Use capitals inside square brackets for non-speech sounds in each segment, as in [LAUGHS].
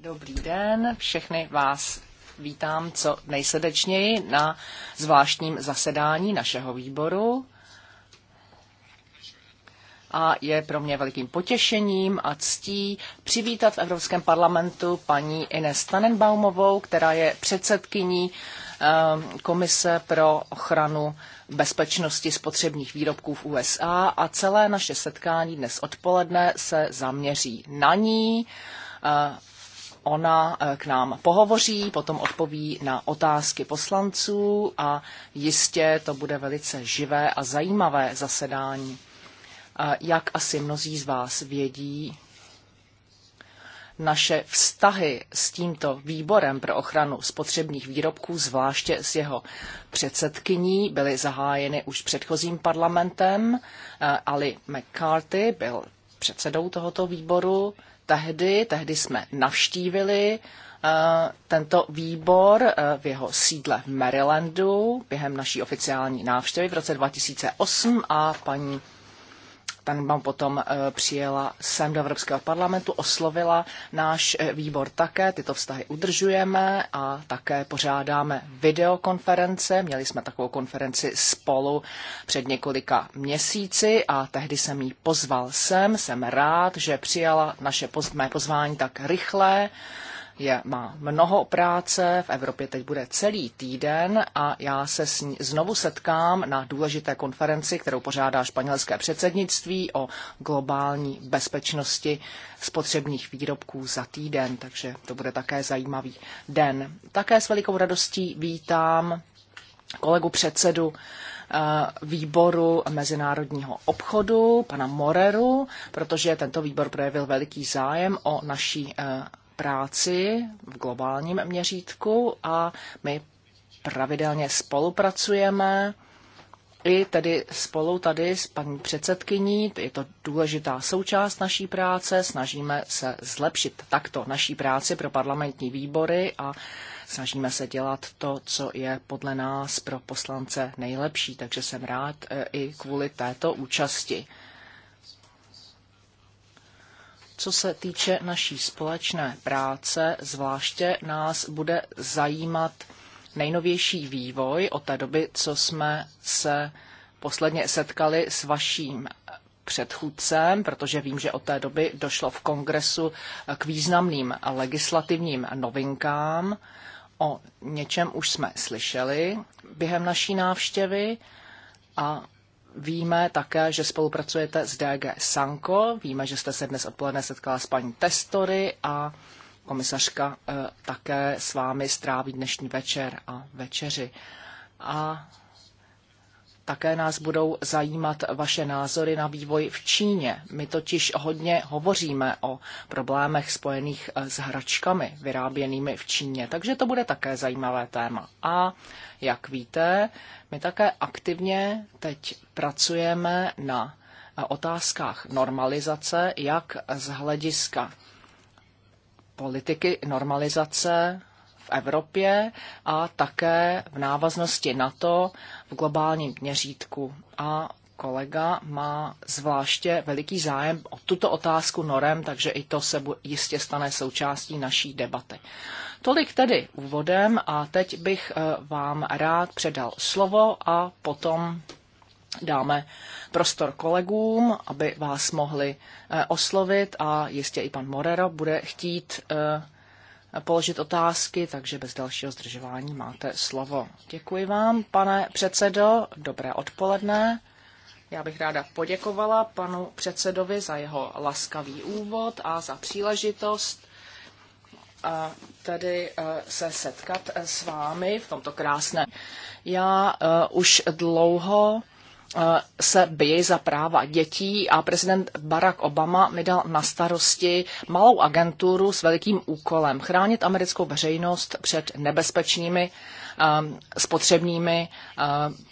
Dobrý den, všechny vás vítám co nejsrdečněji na zvláštním zasedání našeho výboru. A je pro mě velikým potěšením a ctí přivítat v Evropském parlamentu paní Ines Tannenbaumovou, která je předsedkyní ehm, Komise pro ochranu bezpečnosti spotřebních výrobků v USA a celé naše setkání dnes odpoledne se zaměří na ní Eh, ona eh, k nám pohovoří, potom odpoví na otázky poslanců a jistě to bude velice živé a zajímavé zasedání. Eh, jak asi mnozí z vás vědí, naše vztahy s tímto výborem pro ochranu spotřebních výrobků, zvláště s jeho předsedkyní, byly zahájeny už předchozím parlamentem. Ali McCarthy byl předsedou tohoto výboru tehdy, tehdy jsme navštívili eh, tento výbor eh, v jeho sídle v Marylandu během naší oficiální návštěvy v roce 2008 a paní Tenbaum potom eh, přijela sem do Evropského parlamentu, oslovila náš eh, výbor také, tyto vztahy udržujeme a také pořádáme videokonference. Měli jsme takovou konferenci spolu před několika měsíci a tehdy jsem jí pozval sem. Jsem rád, že přijala naše poz- mé pozvání tak rychle je, má mnoho práce, v Evropě teď bude celý týden a já se s ní znovu setkám na důležité konferenci, kterou pořádá španělské předsednictví o globální bezpečnosti spotřebních výrobků za týden, takže to bude také zajímavý den. Také s velikou radostí vítám kolegu předsedu eh, výboru mezinárodního obchodu, pana Moreru, protože tento výbor projevil veliký zájem o naší eh, práci v globálním měřítku a my pravidelně spolupracujeme. I tedy spolu tady s paní předsedkyní, je to důležitá součást naší práce, snažíme se zlepšit takto naší práci pro parlamentní výbory a snažíme se dělat to, co je podle nás pro poslance nejlepší, takže jsem rád e, i kvůli této účasti. Co se týče naší společné práce, zvláště nás bude zajímat nejnovější vývoj od té doby, co jsme se posledně setkali s vaším předchůdcem, protože vím, že od té doby došlo v kongresu k významným legislativním novinkám. O něčem už jsme slyšeli během naší návštěvy a Víme také, že spolupracujete s DG Sanko, víme, že jste se dnes odpoledne setkala s paní Testory a komisařka eh, také s vámi stráví dnešní večer a večeři. A také nás budou zajímat vaše názory na vývoj v Číně. My totiž hodně hovoříme o problémech spojených eh, s hračkami vyráběnými v Číně, takže to bude také zajímavé téma. A jak víte, my také aktivně teď pracujeme na eh, otázkách normalizace, jak z hlediska politiky normalizace v Evropě a také v návaznosti na to v globálním měřítku. A kolega má zvláště veliký zájem o tuto otázku norem, takže i to se jistě stane součástí naší debaty. Tolik tedy úvodem a teď bych eh, vám rád předal slovo a potom dáme prostor kolegům, aby vás mohli eh, oslovit a jistě i pan Morero bude chtít eh, položit otázky, takže bez dalšího zdržování máte slovo. Děkuji vám, pane předsedo, dobré odpoledne. Já bych ráda poděkovala panu předsedovi za jeho laskavý úvod a za příležitost tedy e, se setkat e, s vámi v tomto krásném. Já e, už dlouho Eh, se bije za práva dětí a prezident Barack Obama mi dal na starosti malou agenturu s velikým úkolem chránit americkou veřejnost před nebezpečnými ehm, spotřebními eh,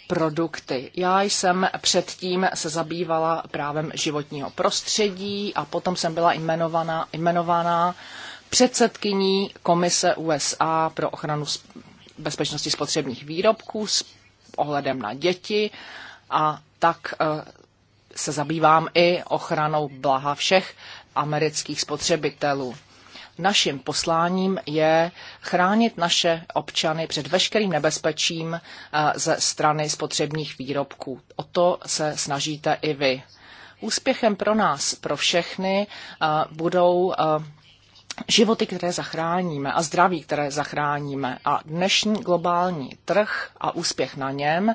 produkty. Já jsem předtím se zabývala právem životního prostředí a potom jsem byla jmenovaná, jmenovaná předsedkyní Komise USA pro ochranu bezpečnosti spotřebních výrobků s ohledem na děti a tak e, se zabývám i ochranou blaha všech amerických spotřebitelů. Naším posláním je chránit naše občany před veškerým nebezpečím e, ze strany spotřebních výrobků. O to se snažíte i vy. Úspěchem pro nás, pro všechny, e, budou životy, které zachráníme a zdraví, které zachráníme a dnešní globální trh a úspěch na něm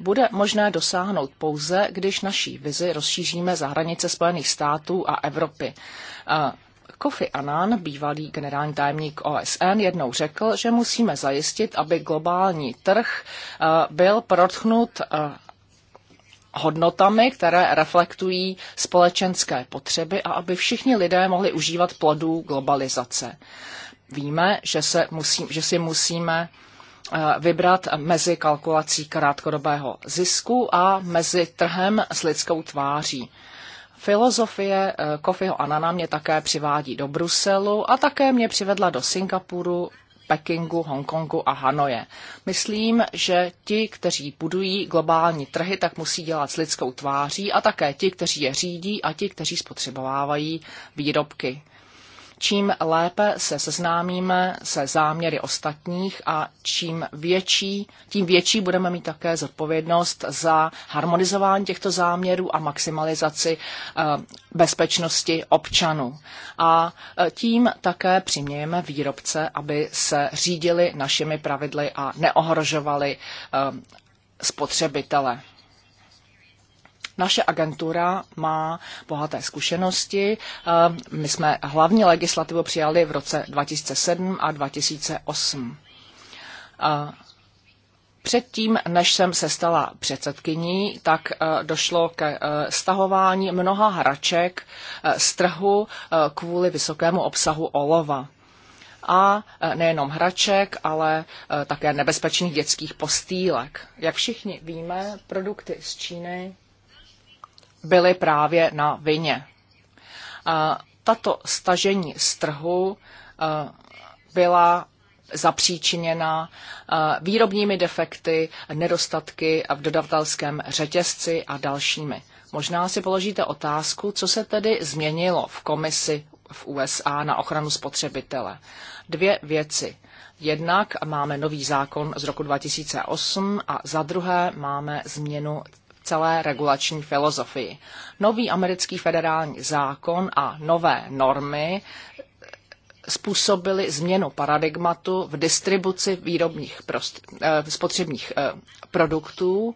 bude možné dosáhnout pouze, když naší vizi rozšíříme za hranice Spojených států a Evropy. Kofi Annan, bývalý generální tajemník OSN, jednou řekl, že musíme zajistit, aby globální trh byl protchnut hodnotami, které reflektují společenské potřeby a aby všichni lidé mohli užívat plodů globalizace. Víme, že, se musí, že si musíme eh, vybrat mezi kalkulací krátkodobého zisku a mezi trhem s lidskou tváří. Filozofie eh, Kofiho Anana mě také přivádí do Bruselu a také mě přivedla do Singapuru, Pekingu, Hongkongu a Hanoje. Myslím, že ti, kteří budují globální trhy, tak musí dělat s lidskou tváří a také ti, kteří je řídí a ti, kteří spotřebovávají výrobky čím lépe se seznámíme se záměry ostatních a čím větší, tím větší budeme mít také zodpovědnost za harmonizování těchto záměrů a maximalizaci eh, bezpečnosti občanů. A eh, tím také přimějeme výrobce, aby se řídili našimi pravidly a neohrožovali eh, spotřebitele. Naše agentura má bohaté zkušenosti. Eh, my jsme hlavní legislativu přijali v roce 2007 a 2008. Eh, předtím, než jsem se stala předsedkyní, tak eh, došlo ke stahování mnoha hraček z trhu kvůli vysokému obsahu olova. A nejenom hraček, ale také nebezpečných dětských postýlek. Jak všichni víme, produkty z Číny byly právě na vině. Tato stažení z trhu e, byla zapříčiněna e, výrobními defekty, nedostatky v dodavatelském řetězci a dalšími. Možná si položíte otázku, co se tedy změnilo v komisi v USA na ochranu spotřebitele. Dvě věci. Jednak máme nový zákon z roku 2008 a za druhé máme změnu celé regulační filozofii. Nový americký federální zákon a nové normy způsobily změnu paradigmatu v distribuci výrobních prost, eh, spotřebních eh, produktů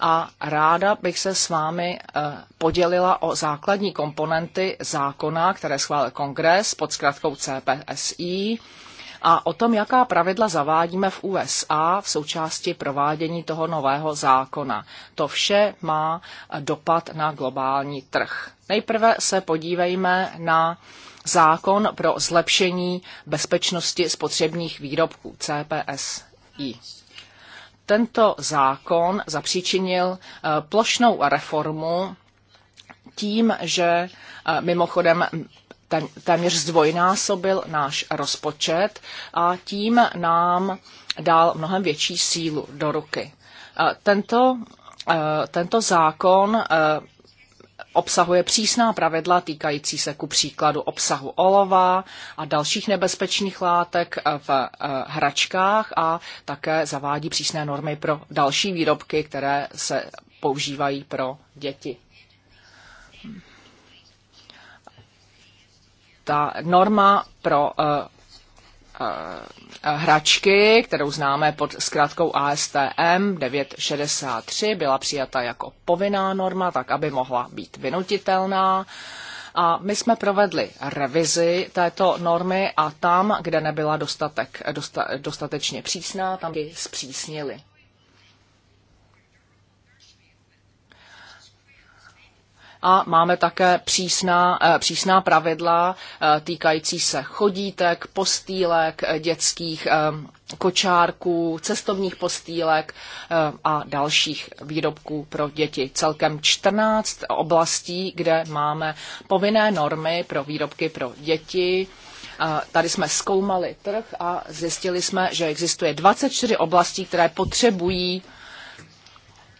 a ráda bych se s vámi eh, podělila o základní komponenty zákona, které schválil kongres pod zkratkou CPSI, eh, a o tom, jaká pravidla zavádíme v USA v součásti provádění toho nového zákona. To vše má dopad na globální trh. Nejprve se podívejme na zákon pro zlepšení bezpečnosti spotřebních výrobků CPSI. Tento zákon zapříčinil eh, plošnou reformu tím, že eh, mimochodem téměř zdvojnásobil náš rozpočet a tím nám dal mnohem větší sílu do ruky. E, tento, e, tento zákon e, obsahuje přísná pravidla týkající se ku příkladu obsahu olova a dalších nebezpečných látek v hračkách a také zavádí přísné normy pro další výrobky, které se používají pro děti. ta norma pro eh, eh, hračky, kterou známe pod zkrátkou ASTM 963, byla přijata jako povinná norma, tak aby mohla být vynutitelná. A my jsme provedli revizi této normy a tam, kde nebyla dostatek, dosta, dostatečně přísná, tam ji zpřísnili. a máme také přísná, eh, přísná pravidla eh, týkající se chodítek, postýlek, eh, dětských kočárků, cestovních postýlek a dalších výrobků pro děti. Celkem 14 oblastí, kde máme povinné normy pro výrobky pro děti. Tady jsme zkoumali trh a zjistili jsme, že existuje 24 oblastí, které potřebují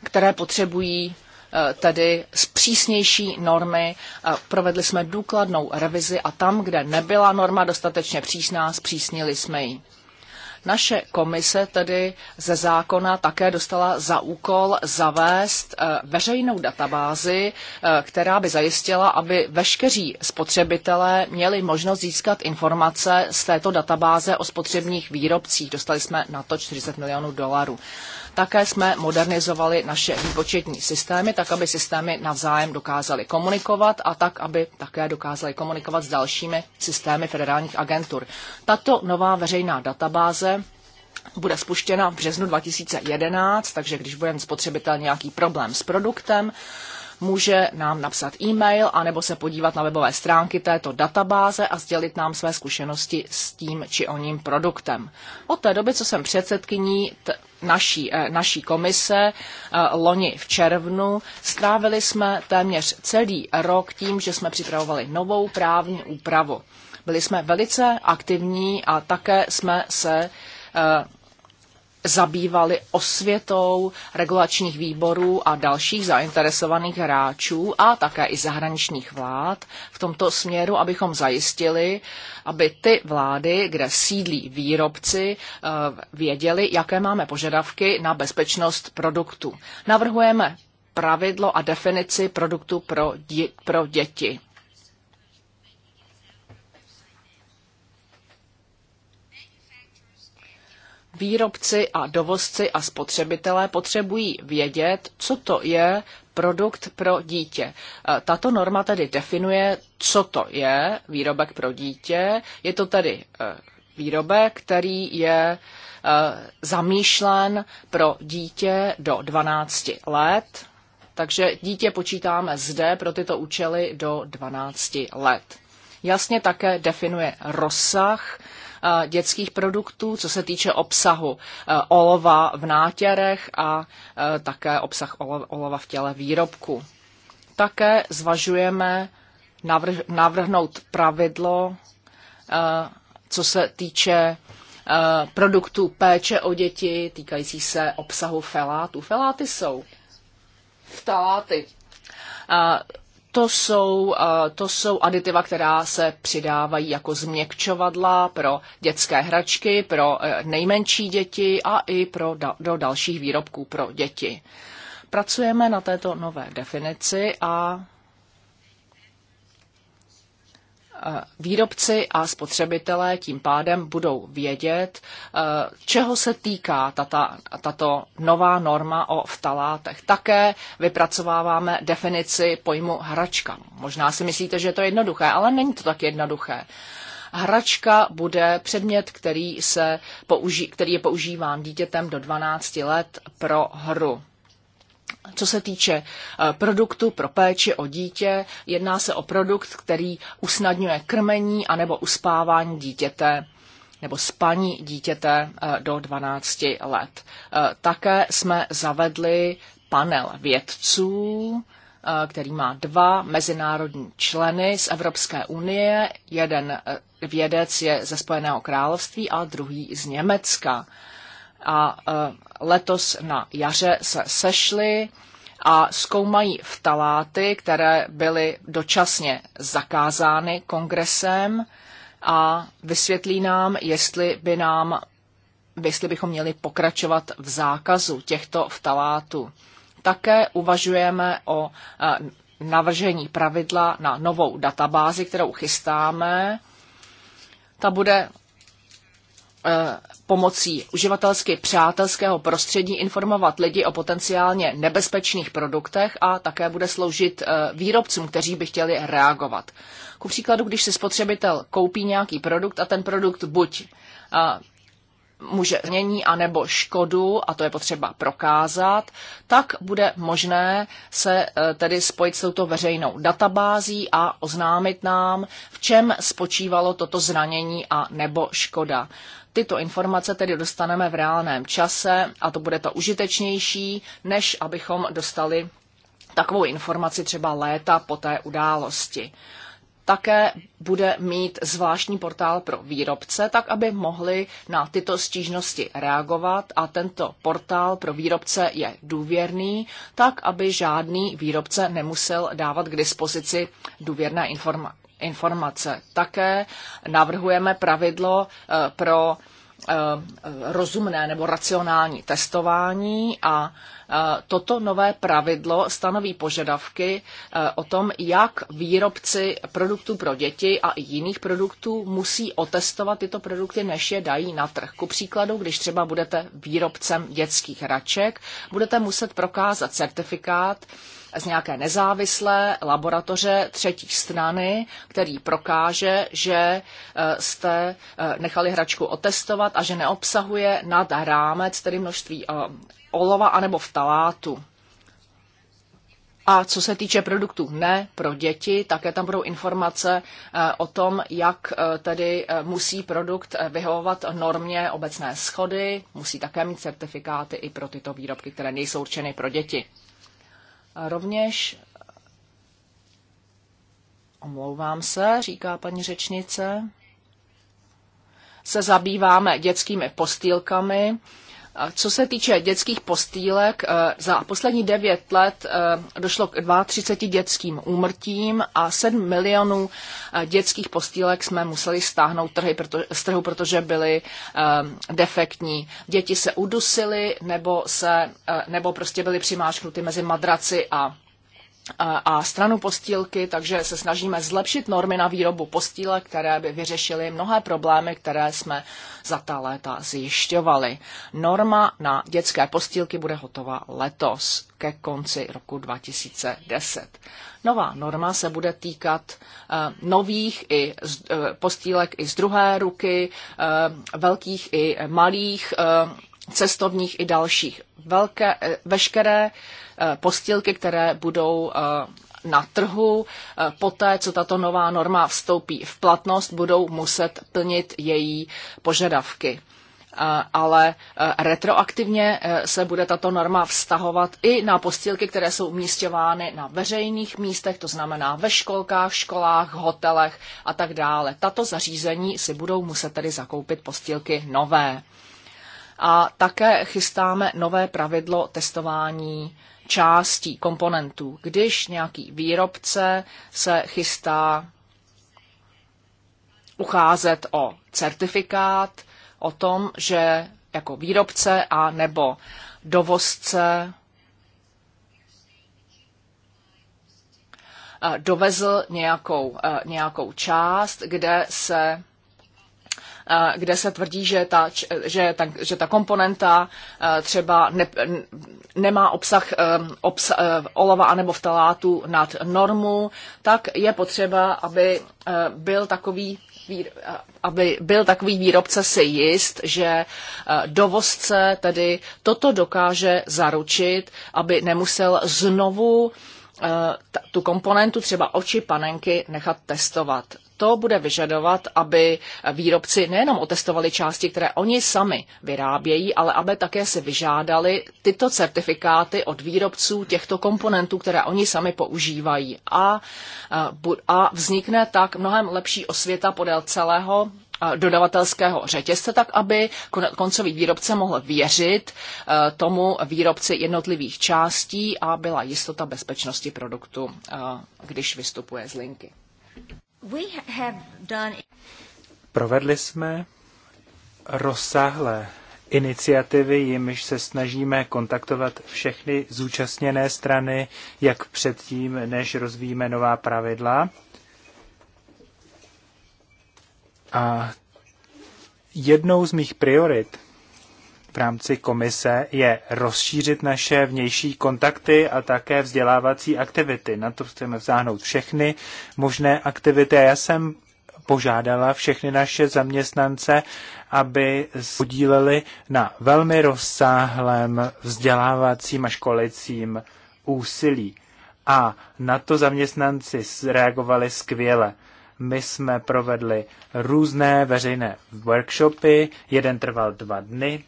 které potřebují Eh, tedy přísnější normy. Eh, provedli jsme důkladnou revizi a tam, kde nebyla norma dostatečně přísná, zpřísnili jsme ji. Naše komise tedy ze zákona také dostala za úkol zavést eh, veřejnou databázi, která by zajistila, aby veškeří spotřebitelé měli možnost získat informace z této databáze o spotřebních výrobcích. Dostali jsme na to 40 milionů dolarů. Také jsme modernizovali naše výpočetní systémy, tak aby systémy navzájem dokázaly komunikovat a tak, aby také dokázaly komunikovat s dalšími systémy federálních agentur. Tato nová veřejná databáze bude spuštěna v březnu 2011, takže když bude spotřebitel nějaký problém s produktem, může nám napsat e-mail anebo se podívat na webové stránky této databáze a sdělit nám své zkušenosti s tím či oním produktem. Od té doby, co jsem předsedkyní naší, eh, naší komise eh, loni v červnu. Strávili jsme téměř celý rok tím, že jsme připravovali novou právní úpravu. Byli jsme velice aktivní a také jsme se eh, zabývali osvětou regulačních výborů a dalších zainteresovaných hráčů a také i zahraničních vlád v tomto směru, abychom zajistili, aby ty vlády, kde sídlí výrobci, eh, věděli, jaké máme požadavky na bezpečnost produktu. Navrhujeme pravidlo a definici produktu pro, dě- pro děti. Výrobci a dovozci a spotřebitelé potřebují vědět, co to je produkt pro dítě. E, tato norma tedy definuje, co to je výrobek pro dítě. Je to tedy e, výrobek, který je e, zamýšlen pro dítě do 12 let. Takže dítě počítáme zde pro tyto účely do 12 let. Jasně také definuje rozsah Eh, dětských produktů, co se týče obsahu eh, olova v nátěrech a eh, také obsah olova v těle výrobku. Také zvažujeme navrhnout pravidlo, co se týče produktů péče o děti týkající se obsahu felátů. Feláty jsou vtaláty to jsou, eh, to jsou aditiva, která se přidávají jako změkčovadla pro dětské hračky, pro eh, nejmenší děti a i pro, do dalších výrobků pro děti. Pracujeme na této nové definici a výrobci a spotřebitelé tím pádem budou vědět, eh, čeho se týká tata, tato nová norma o vtalátech. Také vypracováváme definici pojmu hračka. Možná si myslíte, že je to jednoduché, ale není to tak jednoduché. Hračka bude předmět, který, se použi- který je používán dítětem do 12 let pro hru. Co se týče eh, produktu pro péči o dítě, jedná se o produkt, který usnadňuje krmení anebo uspávání dítěte nebo spaní dítěte eh, do 12 let. Eh, také jsme zavedli panel vědců, který má dva mezinárodní členy z Evropské unie. Jeden vědec je ze Spojeného království a druhý z Německa a e, letos na jaře se sešli a zkoumají vtaláty, které byly dočasně zakázány kongresem a vysvětlí nám, jestli by nám jestli bychom měli pokračovat v zákazu těchto vtalátů. Také uvažujeme o e, navržení pravidla na novou databázi, kterou chystáme. Ta bude Eh, pomocí uživatelsky přátelského prostředí informovat lidi o potenciálně nebezpečných produktech a také bude sloužit eh, výrobcům, kteří by chtěli reagovat. Ku příkladu, když si spotřebitel koupí nějaký produkt a ten produkt buď eh, může změní anebo škodu, a to je potřeba prokázat, tak bude možné se tedy spojit s touto veřejnou databází a oznámit nám, v čem spočívalo toto zranění a nebo škoda tyto informace tedy dostaneme v reálném čase a to bude to užitečnější, než abychom dostali takovou informaci třeba léta po té události. Také bude mít zvláštní portál pro výrobce, tak aby mohli na tyto stížnosti reagovat a tento portál pro výrobce je důvěrný, tak aby žádný výrobce nemusel dávat k dispozici důvěrné informace informace. Také navrhujeme pravidlo eh, pro eh, rozumné nebo racionální testování a eh, toto nové pravidlo stanoví požadavky o tom, jak výrobci produktů pro děti a i jiných produktů musí otestovat tyto produkty, než je dají na trh. Ku příkladu, když třeba budete výrobcem dětských hraček, budete muset prokázat certifikát, z nějaké nezávislé laboratoře třetí strany, který prokáže, že eh, jste eh, nechali hračku otestovat a že neobsahuje nad rámec tedy množství eh, olova anebo vtalátu. A co se týče produktů ne pro děti, také tam budou informace o tom, jak tedy musí produkt vyhovovat normě obecné schody, musí také mít certifikáty i pro tyto výrobky, které nejsou určeny pro děti. Rovněž omlouvám se, říká paní řečnice, se zabýváme dětskými postýlkami, co se týče dětských postýlek, eh, za poslední devět let eh, došlo k 32 dětským úmrtím a 7 milionů eh, dětských postýlek jsme museli stáhnout trhy, proto, z trhu, protože byly defektní. Děti se udusily nebo, se, nebo prostě byly přimáčknuty mezi madraci a a stranu postýlky, takže se snažíme zlepšit normy na výrobu postílek, které by vyřešily mnohé problémy, které jsme za ta léta zjišťovali. Norma na dětské postýlky bude hotová letos ke konci roku 2010. Nová norma se bude týkat eh, nových i eh, postýlek i z druhé ruky, eh, velkých i malých cestovních i dalších. Velké, eh, veškeré eh, postilky, které budou eh, na trhu, poté, co tato nová norma vstoupí v platnost, budou muset plnit její požadavky ale retroaktivně se bude tato norma vztahovat i na postilky, které jsou umístěvány na veřejných místech, to znamená ve školkách, školách, hotelech a tak dále. Tato zařízení si budou muset tedy zakoupit postilky nové a také chystáme nové pravidlo testování částí, komponentů. Když nějaký výrobce se chystá ucházet o certifikát, o tom, že jako výrobce a nebo dovozce eh, dovezl nějakou, eh, nějakou část, kde se Eh, kde se tvrdí, že ta, že ta, že ta komponenta eh, třeba ne, nemá obsah, eh, obsah olova anebo vtalátu nad normu, tak je potřeba, aby byl takový aby byl takový výrobce si jist, že dovozce tedy toto dokáže zaručit, aby nemusel znovu tu komponentu třeba oči panenky nechat testovat to bude vyžadovat, aby výrobci nejenom otestovali části, které oni sami vyrábějí, ale aby také si vyžádali tyto certifikáty od výrobců těchto komponentů, které oni sami používají. A, a vznikne tak mnohem lepší osvěta podél celého dodavatelského řetězce, tak aby koncový výrobce mohl věřit tomu výrobci jednotlivých částí a byla jistota bezpečnosti produktu, když vystupuje z linky. Provedli jsme rozsáhlé iniciativy, jimiž se snažíme kontaktovat všechny zúčastněné strany, jak předtím, než rozvíjíme nová pravidla. A jednou z mých priorit v rámci komise je rozšířit naše vnější kontakty a také vzdělávací aktivity. Na to chceme vzáhnout všechny možné aktivity. já jsem požádala všechny naše zaměstnance, aby podíleli na velmi rozsáhlém vzdělávacím a školicím úsilí. A na to zaměstnanci reagovali skvěle. My jsme provedli různé veřejné workshopy, jeden trval dva dny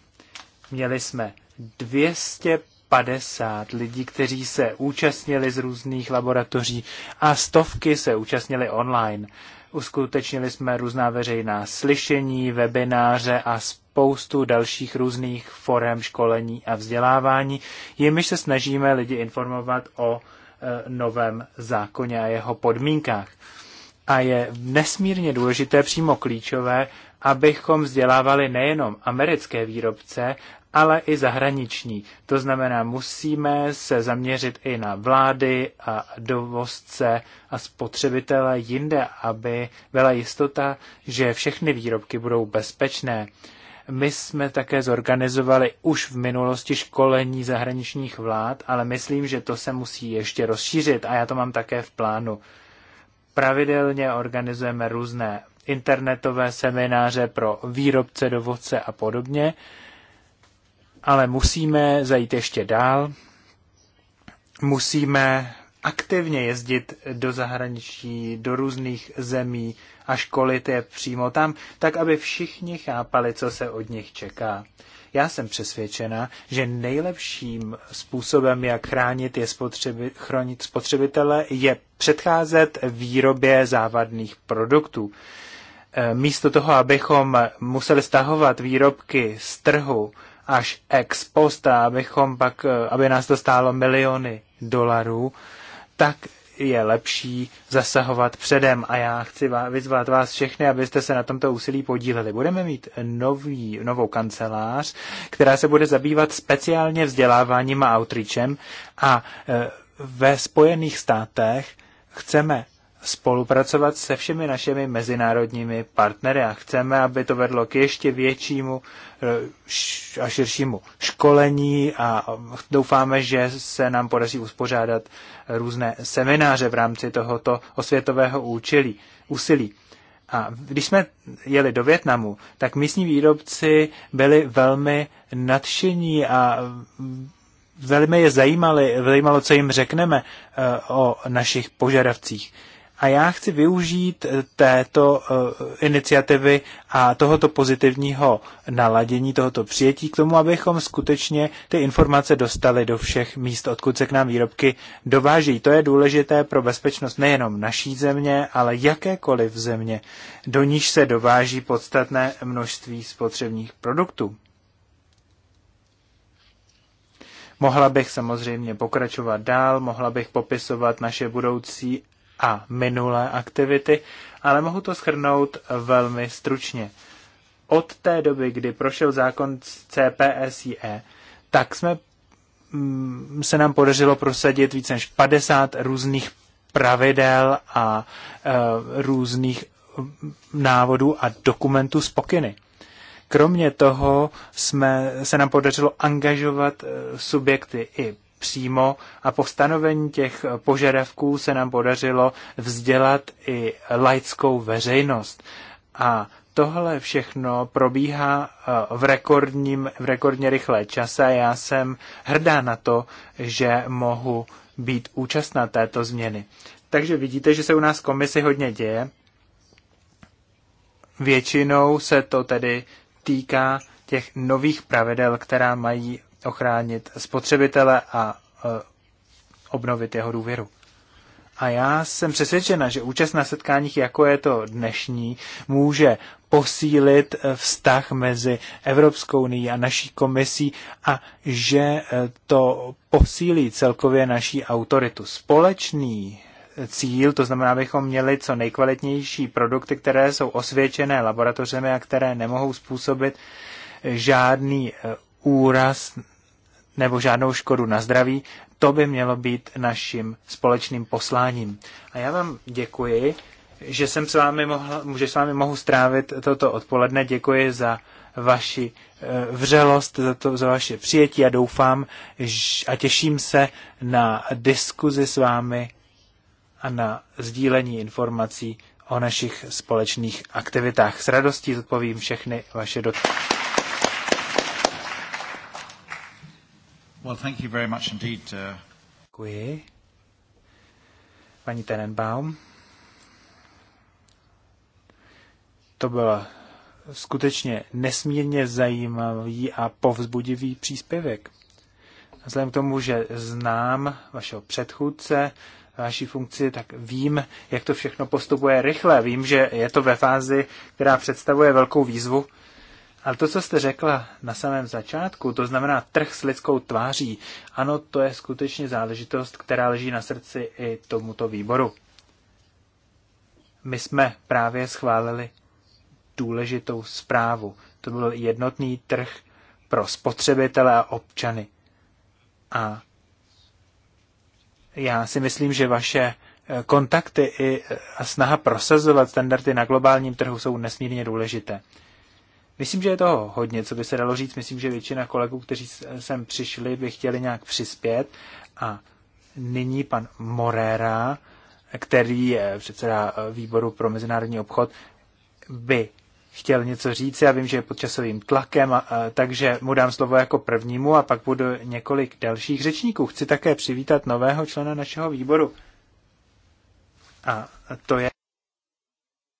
Měli jsme 250 lidí, kteří se účastnili z různých laboratoří a stovky se účastnili online. Uskutečnili jsme různá veřejná slyšení, webináře a spoustu dalších různých forem školení a vzdělávání, jimiž se snažíme lidi informovat o e, novém zákoně a jeho podmínkách. A je nesmírně důležité, přímo klíčové, abychom vzdělávali nejenom americké výrobce, ale i zahraniční. To znamená, musíme se zaměřit i na vlády a dovozce a spotřebitele jinde, aby byla jistota, že všechny výrobky budou bezpečné. My jsme také zorganizovali už v minulosti školení zahraničních vlád, ale myslím, že to se musí ještě rozšířit a já to mám také v plánu. Pravidelně organizujeme různé internetové semináře pro výrobce, dovozce a podobně ale musíme zajít ještě dál. Musíme aktivně jezdit do zahraničí, do různých zemí a školit je přímo tam, tak aby všichni chápali, co se od nich čeká. Já jsem přesvědčena, že nejlepším způsobem, jak chránit, je spotřebi, chronit spotřebitele, je předcházet výrobě závadných produktů. E, místo toho, abychom museli stahovat výrobky z trhu, až ex post, abychom pak, eh, aby nás to stálo miliony dolarů, tak je lepší zasahovat předem a já chci vyzvat vás všechny, abyste se na tomto úsilí podíleli. Budeme mít nový, novou kancelář, která se bude zabývat speciálně vzděláváním a outreachem a eh, ve Spojených státech chceme spolupracovat se všemi našimi mezinárodními partnery a chceme, aby to vedlo k ještě většímu e, a širšímu školení a doufáme, že se nám podaří uspořádat různé semináře v rámci tohoto osvětového účilí, úsilí. A když jsme jeli do Větnamu, tak místní výrobci byli velmi nadšení a velmi je zajímali, zajímalo, co jim řekneme e, o našich požadavcích. A já chci využít eh, této eh, iniciativy a tohoto pozitivního naladění, tohoto přijetí k tomu, abychom skutečně ty informace dostali do všech míst, odkud se k nám výrobky dováží. To je důležité pro bezpečnost nejenom naší země, ale jakékoliv země, do níž se dováží podstatné množství spotřebních produktů. Mohla bych samozřejmě pokračovat dál, mohla bych popisovat naše budoucí a minulé aktivity, ale mohu to schrnout velmi stručně. Od té doby, kdy prošel zákon CPSIE, tak jsme mm, se nám podařilo prosadit více než 50 různých pravidel a e, různých mm, návodů a dokumentů z pokyny. Kromě toho jsme, se nám podařilo angažovat e, subjekty i přímo a po stanovení těch požadavků se nám podařilo vzdělat i laickou veřejnost. A tohle všechno probíhá eh, v, rekordním, v rekordně rychlé čase. a Já jsem hrdá na to, že mohu být účastná této změny. Takže vidíte, že se u nás komisi hodně děje. Většinou se to tedy týká těch nových pravidel, která mají ochránit spotřebitele a e, obnovit jeho důvěru. A já jsem přesvědčena, že účast na setkáních, jako je to dnešní, může posílit e, vztah mezi Evropskou unii a naší komisí a že e, to posílí celkově naší autoritu. Společný cíl, to znamená, abychom měli co nejkvalitnější produkty, které jsou osvědčené laboratořemi a které nemohou způsobit žádný úraz nebo žádnou škodu na zdraví, to by mělo být naším společným posláním. A já vám děkuji, že jsem s vámi, mohl, že s vámi mohu strávit toto odpoledne. Děkuji za vaši eh, vřelost, za, to, za vaše přijetí a doufám a těším se na diskuzi s vámi a na sdílení informací o našich společných aktivitách. S radostí zodpovím všechny vaše dotazy. Well, thank you very much indeed. Uh, Děkuji. Paní Tenenbaum. To byl skutečně nesmírně zajímavý a povzbudivý příspěvek. Vzhledem k tomu, že znám vašeho předchůdce, vaší funkci, tak vím, jak to všechno postupuje rychle. Vím, že je to ve fázi, která představuje velkou výzvu ale to, co jste řekla na samém začátku, to znamená trh s lidskou tváří, ano, to je skutečně záležitost, která leží na srdci i tomuto výboru. My jsme právě schválili důležitou zprávu. To byl jednotný trh pro spotřebitele a občany. A já si myslím, že vaše eh, kontakty i eh, a snaha prosazovat standardy na globálním trhu jsou nesmírně důležité. Myslím, že je toho hodně, co by se dalo říct. Myslím, že většina kolegů, kteří sem přišli, by chtěli nějak přispět. A nyní pan Morera, který je předseda e, výboru pro mezinárodní obchod, by chtěl něco říct. Já vím, že je pod časovým tlakem, a, a, takže mu dám slovo jako prvnímu a pak budu několik dalších řečníků. Chci také přivítat nového člena našeho výboru. A to je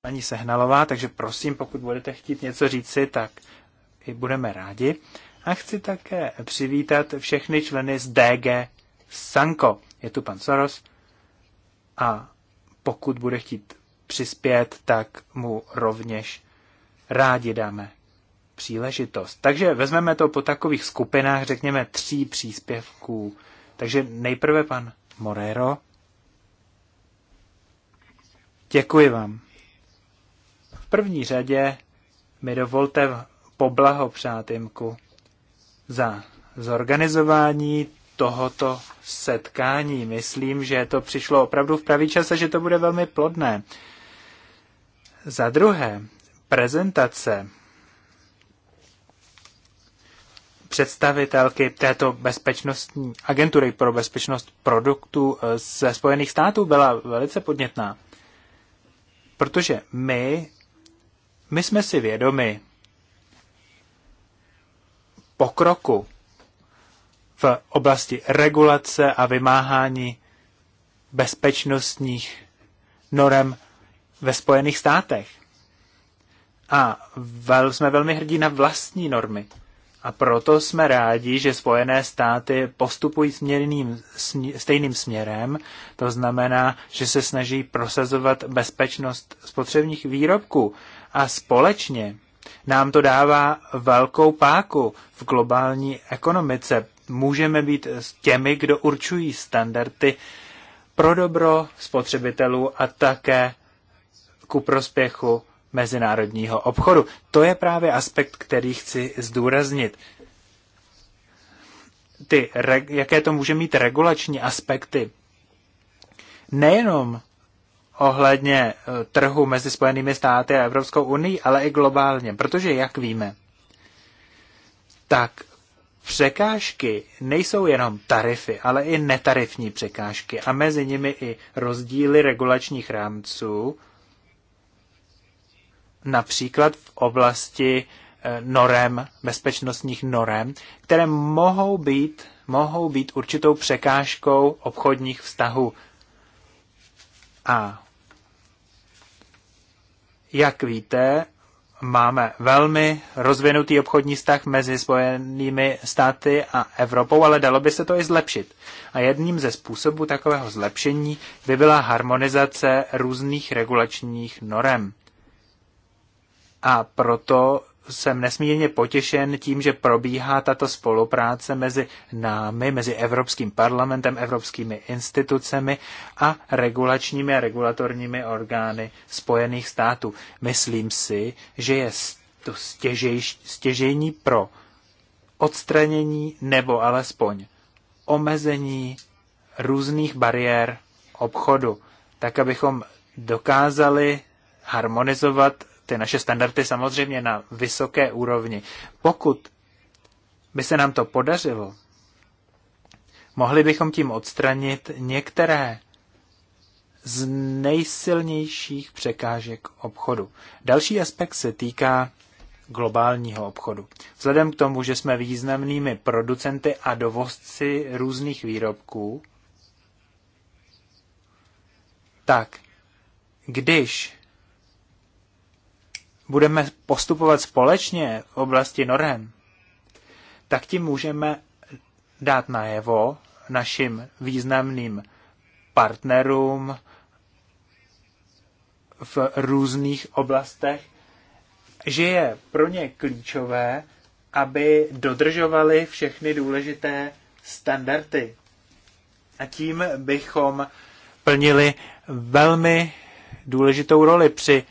paní Sehnalová, takže prosím, pokud budete chtít něco říci, tak i budeme rádi. A chci také přivítat všechny členy z DG Sanko. Je tu pan Soros a pokud bude chtít přispět, tak mu rovněž rádi dáme příležitost. Takže vezmeme to po takových skupinách, řekněme tří příspěvků. Takže nejprve pan Morero. Děkuji vám první řadě mi dovolte poblahopřát Jimku za zorganizování tohoto setkání. Myslím, že to přišlo opravdu v pravý čas a že to bude velmi plodné. Za druhé, prezentace představitelky této bezpečnostní agentury pro bezpečnost produktů eh, ze Spojených států byla velice podnětná. Protože my my jsme si vědomi pokroku v oblasti regulace a vymáhání bezpečnostních norem ve Spojených státech. A vel, jsme velmi hrdí na vlastní normy. A proto jsme rádi, že Spojené státy postupují směrným, smě, stejným směrem, to znamená, že se snaží prosazovat bezpečnost spotřebních výrobků a společně nám to dává velkou páku v globální ekonomice. Můžeme být s těmi, kdo určují standardy pro dobro spotřebitelů a také ku prospěchu mezinárodního obchodu. To je právě aspekt, který chci zdůraznit. Ty, jaké to může mít regulační aspekty? Nejenom ohledně eh, trhu mezi Spojenými státy a Evropskou unii, ale i globálně, protože jak víme, tak překážky nejsou jenom tarify, ale i netarifní překážky a mezi nimi i rozdíly regulačních rámců, například v oblasti eh, norem, bezpečnostních norem, které mohou být, mohou být určitou překážkou obchodních vztahů. A jak víte, máme velmi rozvinutý obchodní vztah mezi Spojenými státy a Evropou, ale dalo by se to i zlepšit. A jedním ze způsobů takového zlepšení by byla harmonizace různých regulačních norem. A proto jsem nesmírně potěšen tím, že probíhá tato spolupráce mezi námi, mezi Evropským parlamentem, evropskými institucemi a regulačními a regulatorními orgány Spojených států. Myslím si, že je to stěžej, stěžejní pro odstranění nebo alespoň omezení různých bariér obchodu, tak abychom dokázali harmonizovat ty naše standardy samozřejmě na vysoké úrovni. Pokud by se nám to podařilo, mohli bychom tím odstranit některé z nejsilnějších překážek obchodu. Další aspekt se týká globálního obchodu. Vzhledem k tomu, že jsme významnými producenty a dovozci různých výrobků, tak když budeme postupovat společně v oblasti norem, tak tím můžeme dát najevo našim významným partnerům v různých oblastech, že je pro ně klíčové, aby dodržovali všechny důležité standardy. A tím bychom plnili velmi důležitou roli při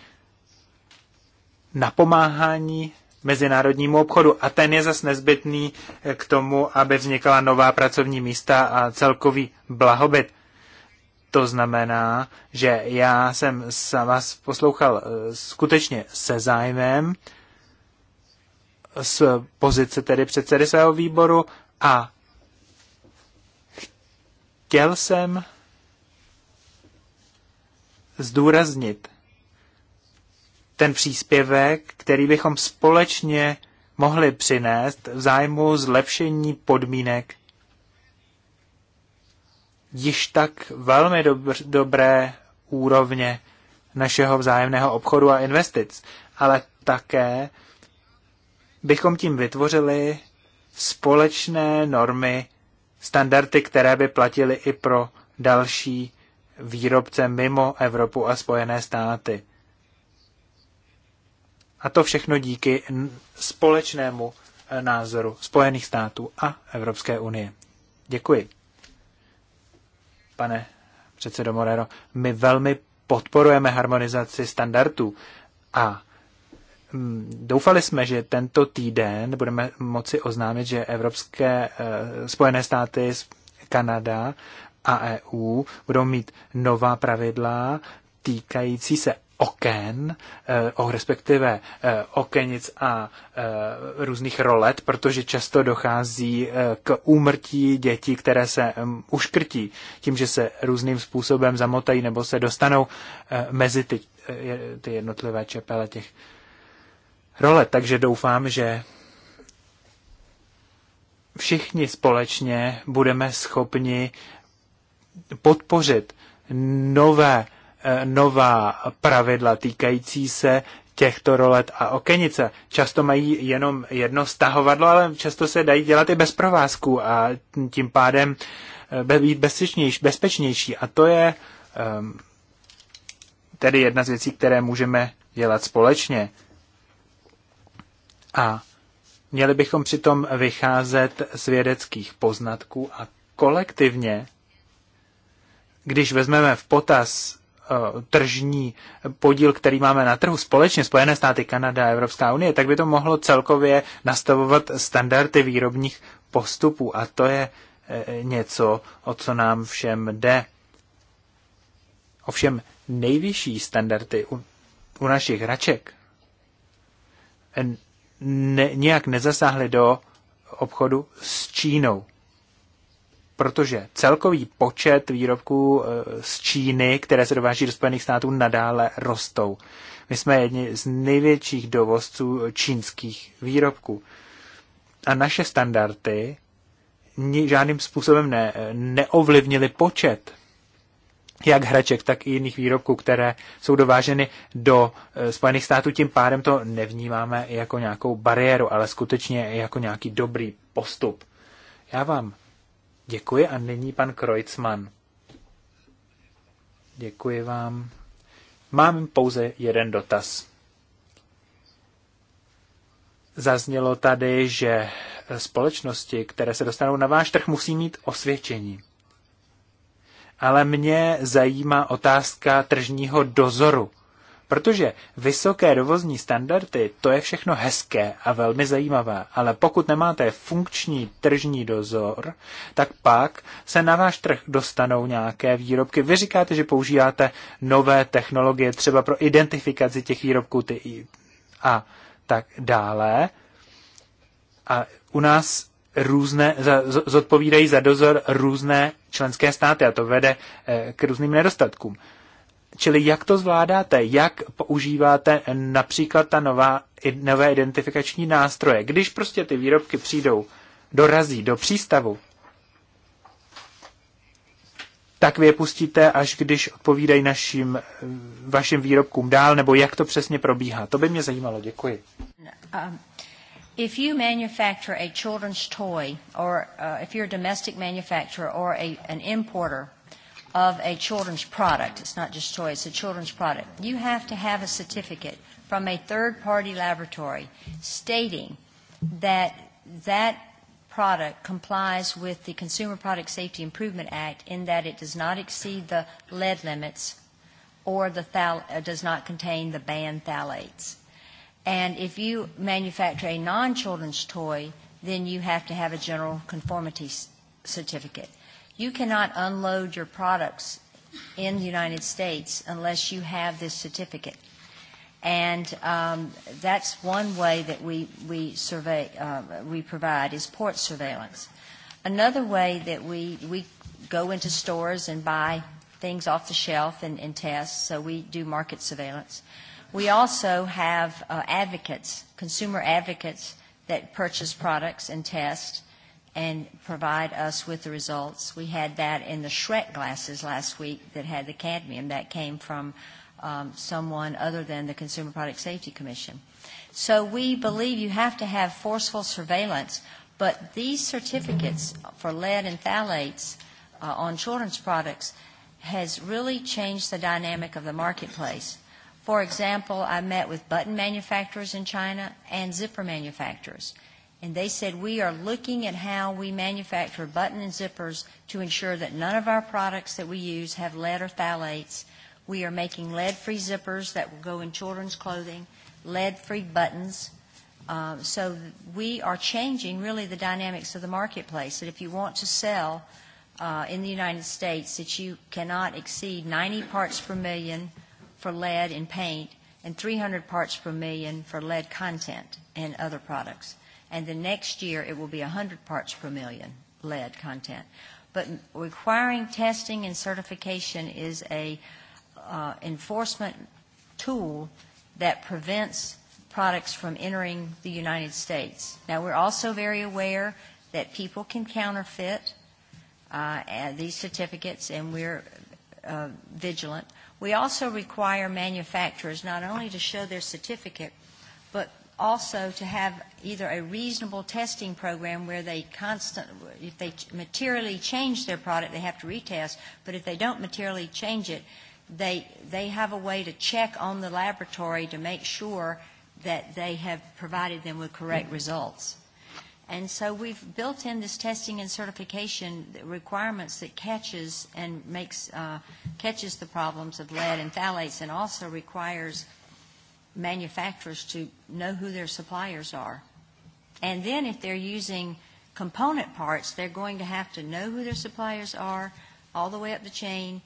napomáhání mezinárodnímu obchodu. A ten je zas nezbytný eh, k tomu, aby vznikala nová pracovní místa a celkový blahobyt. To znamená, že já jsem vás poslouchal eh, skutečně se zájmem z pozice tedy předsedy svého výboru a chtěl jsem zdůraznit, ten příspěvek, který bychom společně mohli přinést v zájmu zlepšení podmínek již tak velmi dobř, dobré úrovně našeho vzájemného obchodu a investic, ale také bychom tím vytvořili společné normy, standardy, které by platily i pro další výrobce mimo Evropu a Spojené státy. A to všechno díky společnému eh, názoru Spojených států a Evropské unie. Děkuji. Pane předsedo Morero, my velmi podporujeme harmonizaci standardů a mm, Doufali jsme, že tento týden budeme moci oznámit, že Evropské eh, Spojené státy, Kanada a EU budou mít nová pravidla týkající se oken, eh, oh, respektive eh, okenic a eh, různých rolet, protože často dochází k úmrtí dětí, které se uškrtí tím, že se různým způsobem zamotají nebo se dostanou mezi ty, ty jednotlivé čepele těch rolet. Takže doufám, že všichni společně budeme schopni podpořit nové Eh, nová pravidla týkající se těchto rolet a okenice. Často mají jenom jedno stahovadlo, ale často se dají dělat i bez provázku a tím pádem eh, být bezpečnější, bezpečnější. A to je um, tedy jedna z věcí, které můžeme dělat společně. A měli bychom přitom vycházet z vědeckých poznatků a kolektivně, když vezmeme v potaz Eh, tržní podíl, který máme na trhu společně, Spojené státy, Kanada a Evropská unie, tak by to mohlo celkově nastavovat standardy výrobních postupů. A to je eh, něco, o co nám všem jde. Ovšem nejvyšší standardy u, u našich hraček eh, ne, nějak nezasáhly do obchodu s Čínou protože celkový počet výrobků e, z Číny, které se dováží do Spojených států, nadále rostou. My jsme jedni z největších dovozců čínských výrobků. A naše standardy žádným způsobem ne, neovlivnily počet jak hraček, tak i jiných výrobků, které jsou dováženy do e, Spojených států. Tím pádem to nevnímáme jako nějakou bariéru, ale skutečně jako nějaký dobrý postup. Já vám Děkuji a nyní pan Kreutzmann. Děkuji vám. Mám pouze jeden dotaz. Zaznělo tady, že společnosti, které se dostanou na váš trh, musí mít osvědčení. Ale mě zajímá otázka tržního dozoru. Protože vysoké dovozní standardy, to je všechno hezké a velmi zajímavé, ale pokud nemáte funkční tržní dozor, tak pak se na váš trh dostanou nějaké výrobky. Vy říkáte, že používáte nové technologie třeba pro identifikaci těch výrobků ty a tak dále. A u nás různé, zodpovídají za dozor různé členské státy a to vede eh, k různým nedostatkům. Čili jak to zvládáte, jak používáte například ta nová, nové identifikační nástroje. Když prostě ty výrobky přijdou, dorazí do přístavu, tak vy je pustíte, až když odpovídají našim, vašim výrobkům dál, nebo jak to přesně probíhá. To by mě zajímalo, děkuji. Um, if you manufacture a children's toy, or uh, if you're a domestic manufacturer or a, an importer, of a children's product. It's not just toy, it's a children's product. You have to have a certificate from a third party laboratory stating that that product complies with the Consumer Product Safety Improvement Act in that it does not exceed the lead limits or the uh, does not contain the banned phthalates. And if you manufacture a non-children's toy, then you have to have a general conformity certificate. You cannot unload your products in the United States unless you have this certificate. And um, that's one way that we, we, survey, uh, we provide is port surveillance. Another way that we, we go into stores and buy things off the shelf and, and test, so we do market surveillance. We also have uh, advocates, consumer advocates, that purchase products and test and provide us with the results. We had that in the Shrek glasses last week that had the cadmium. That came from um, someone other than the Consumer Product Safety Commission. So we believe you have to have forceful surveillance, but these certificates for lead and phthalates uh, on children's products has really changed the dynamic of the marketplace. For example, I met with button manufacturers in China and zipper manufacturers and they said, we are looking at how we manufacture button and zippers to ensure that none of our products that we use have lead or phthalates. We are making lead-free zippers that will go in children's clothing, lead-free buttons. Uh, so we are changing really the dynamics of the marketplace, that if you want to sell uh, in the United States, that you cannot exceed 90 parts per million for lead in paint and 300 parts per million for lead content and other products and the next year it will be 100 parts per million lead content. But requiring testing and certification is a uh, enforcement tool that prevents products from entering the United States. Now, we're also very aware that people can counterfeit uh, these certificates, and we're uh, vigilant. We also require manufacturers not only to show their certificate, but also to have either a reasonable testing program where they constant, if they materially change their product, they have to retest, but if they don't materially change it, they, they have a way to check on the laboratory to make sure that they have provided them with correct results. And so we've built in this testing and certification requirements that catches and makes, uh, catches the problems of lead and phthalates and also requires manufacturers to know who their suppliers are. And then if they're using component parts, they're going to have to know who their suppliers are all the way up the chain,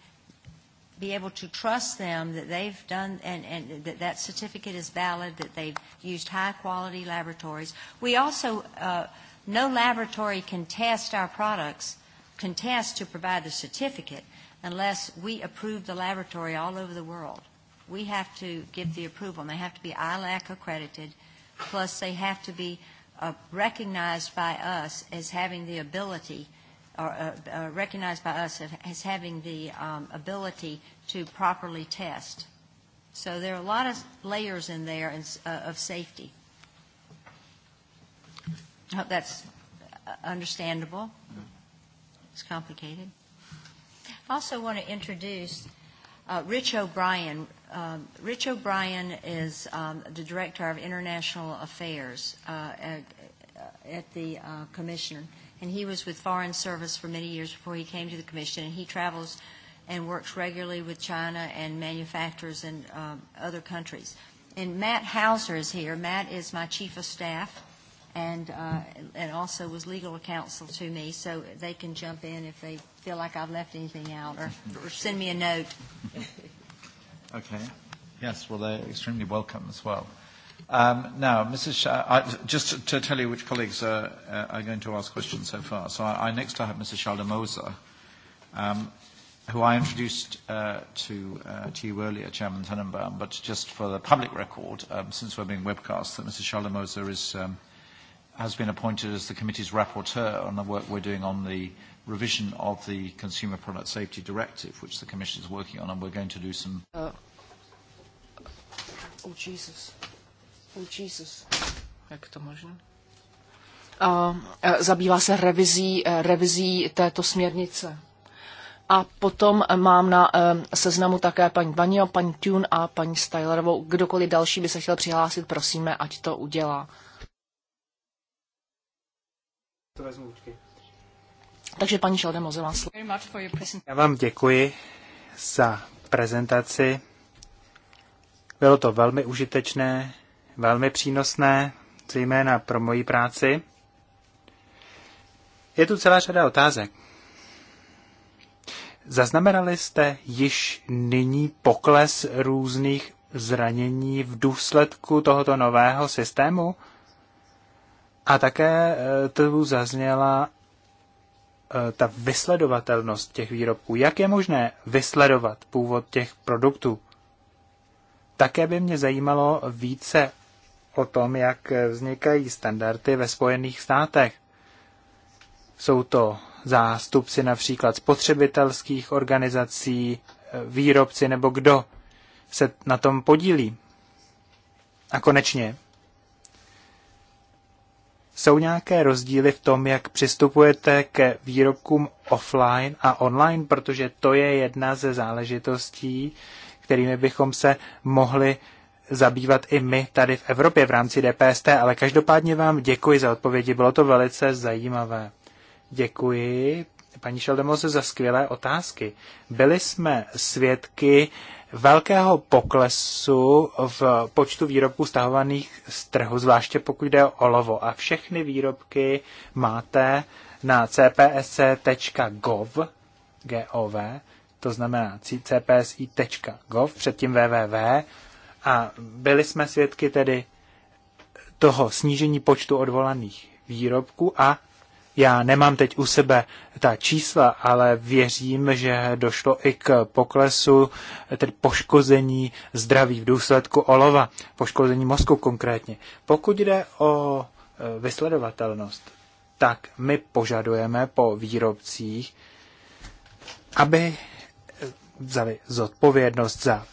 be able to trust them that they've done and, and that that certificate is valid, that they've used high quality laboratories. We also, uh, no laboratory can test our products, can test to provide the certificate unless we approve the laboratory all over the world we have to give the approval. And they have to be ILAC accredited, plus they have to be uh, recognized by us as having the ability or uh, uh, recognized by us as having the um, ability to properly test. So there are a lot of layers in there in, uh, of safety. I hope that's uh, understandable. It's complicated. I also want to introduce uh, Rich O'Brien. Uh, Rich O'Brien is um, the Director of International Affairs uh, at, uh, at the uh, Commission, and he was with Foreign Service for many years before he came to the Commission, and he travels and works regularly with China and manufacturers and um, uh, other countries. And Matt Hauser is here. Matt is my Chief of Staff and, uh, and also was legal counsel to me, so they can jump in if they feel like I've left anything out or, or send me a note. Okay. Yes, well, they're extremely welcome as well. Um, now, Mrs. Sh- I, just to to tell you which colleagues are, uh, are going to ask questions so far. So I, I next I have Mrs. Shalda Moser, um, who I introduced uh, to, uh, to you earlier, Chairman Tenenbaum, but just for the public record, um, since we're being webcast, that Mrs. Shalda Moser is um, – has been appointed as the committee's rapporteur on the work we're doing on the revision of the Consumer Product Safety Directive, which the Commission is working on, and we're going to do some... Uh, oh, Jesus. Oh, Jesus. Jak to možné? Uh, zabývá se revizí, eh, revizí této směrnice. A potom mám na uh, seznamu také paní Banio, paní Tune a paní Stylerovou. Kdokoliv další by se chtěl přihlásit, prosíme, ať to udělá to vezmu učky. Takže paní Šeldemo, vám vás Já vám děkuji za prezentaci. Bylo to velmi užitečné, velmi přínosné, zejména pro moji práci. Je tu celá řada otázek. Zaznamenali jste již nyní pokles různých zranění v důsledku tohoto nového systému? A také eh, tu zazněla eh, ta vysledovatelnost těch výrobků. Jak je možné vysledovat původ těch produktů? Také by mě zajímalo více o tom, jak eh, vznikají standardy ve Spojených státech. Jsou to zástupci například spotřebitelských organizací, výrobci nebo kdo se na tom podílí. A konečně jsou nějaké rozdíly v tom, jak přistupujete ke výrobkům offline a online, protože to je jedna ze záležitostí, kterými bychom se mohli zabývat i my tady v Evropě v rámci DPST, ale každopádně vám děkuji za odpovědi, bylo to velice zajímavé. Děkuji, paní Šeldemoze, za skvělé otázky. Byli jsme svědky velkého poklesu v počtu výrobků stahovaných z trhu, zvláště pokud jde o olovo. A všechny výrobky máte na cpsc.gov, gov, to znamená cpsi.gov, předtím www. A byli jsme svědky tedy toho snížení počtu odvolaných výrobků a já nemám teď u sebe ta čísla, ale věřím, že došlo i k poklesu, tedy poškození zdraví v důsledku olova, poškození mozku konkrétně. Pokud jde o e, vysledovatelnost, tak my požadujeme po výrobcích, aby vzali zodpovědnost za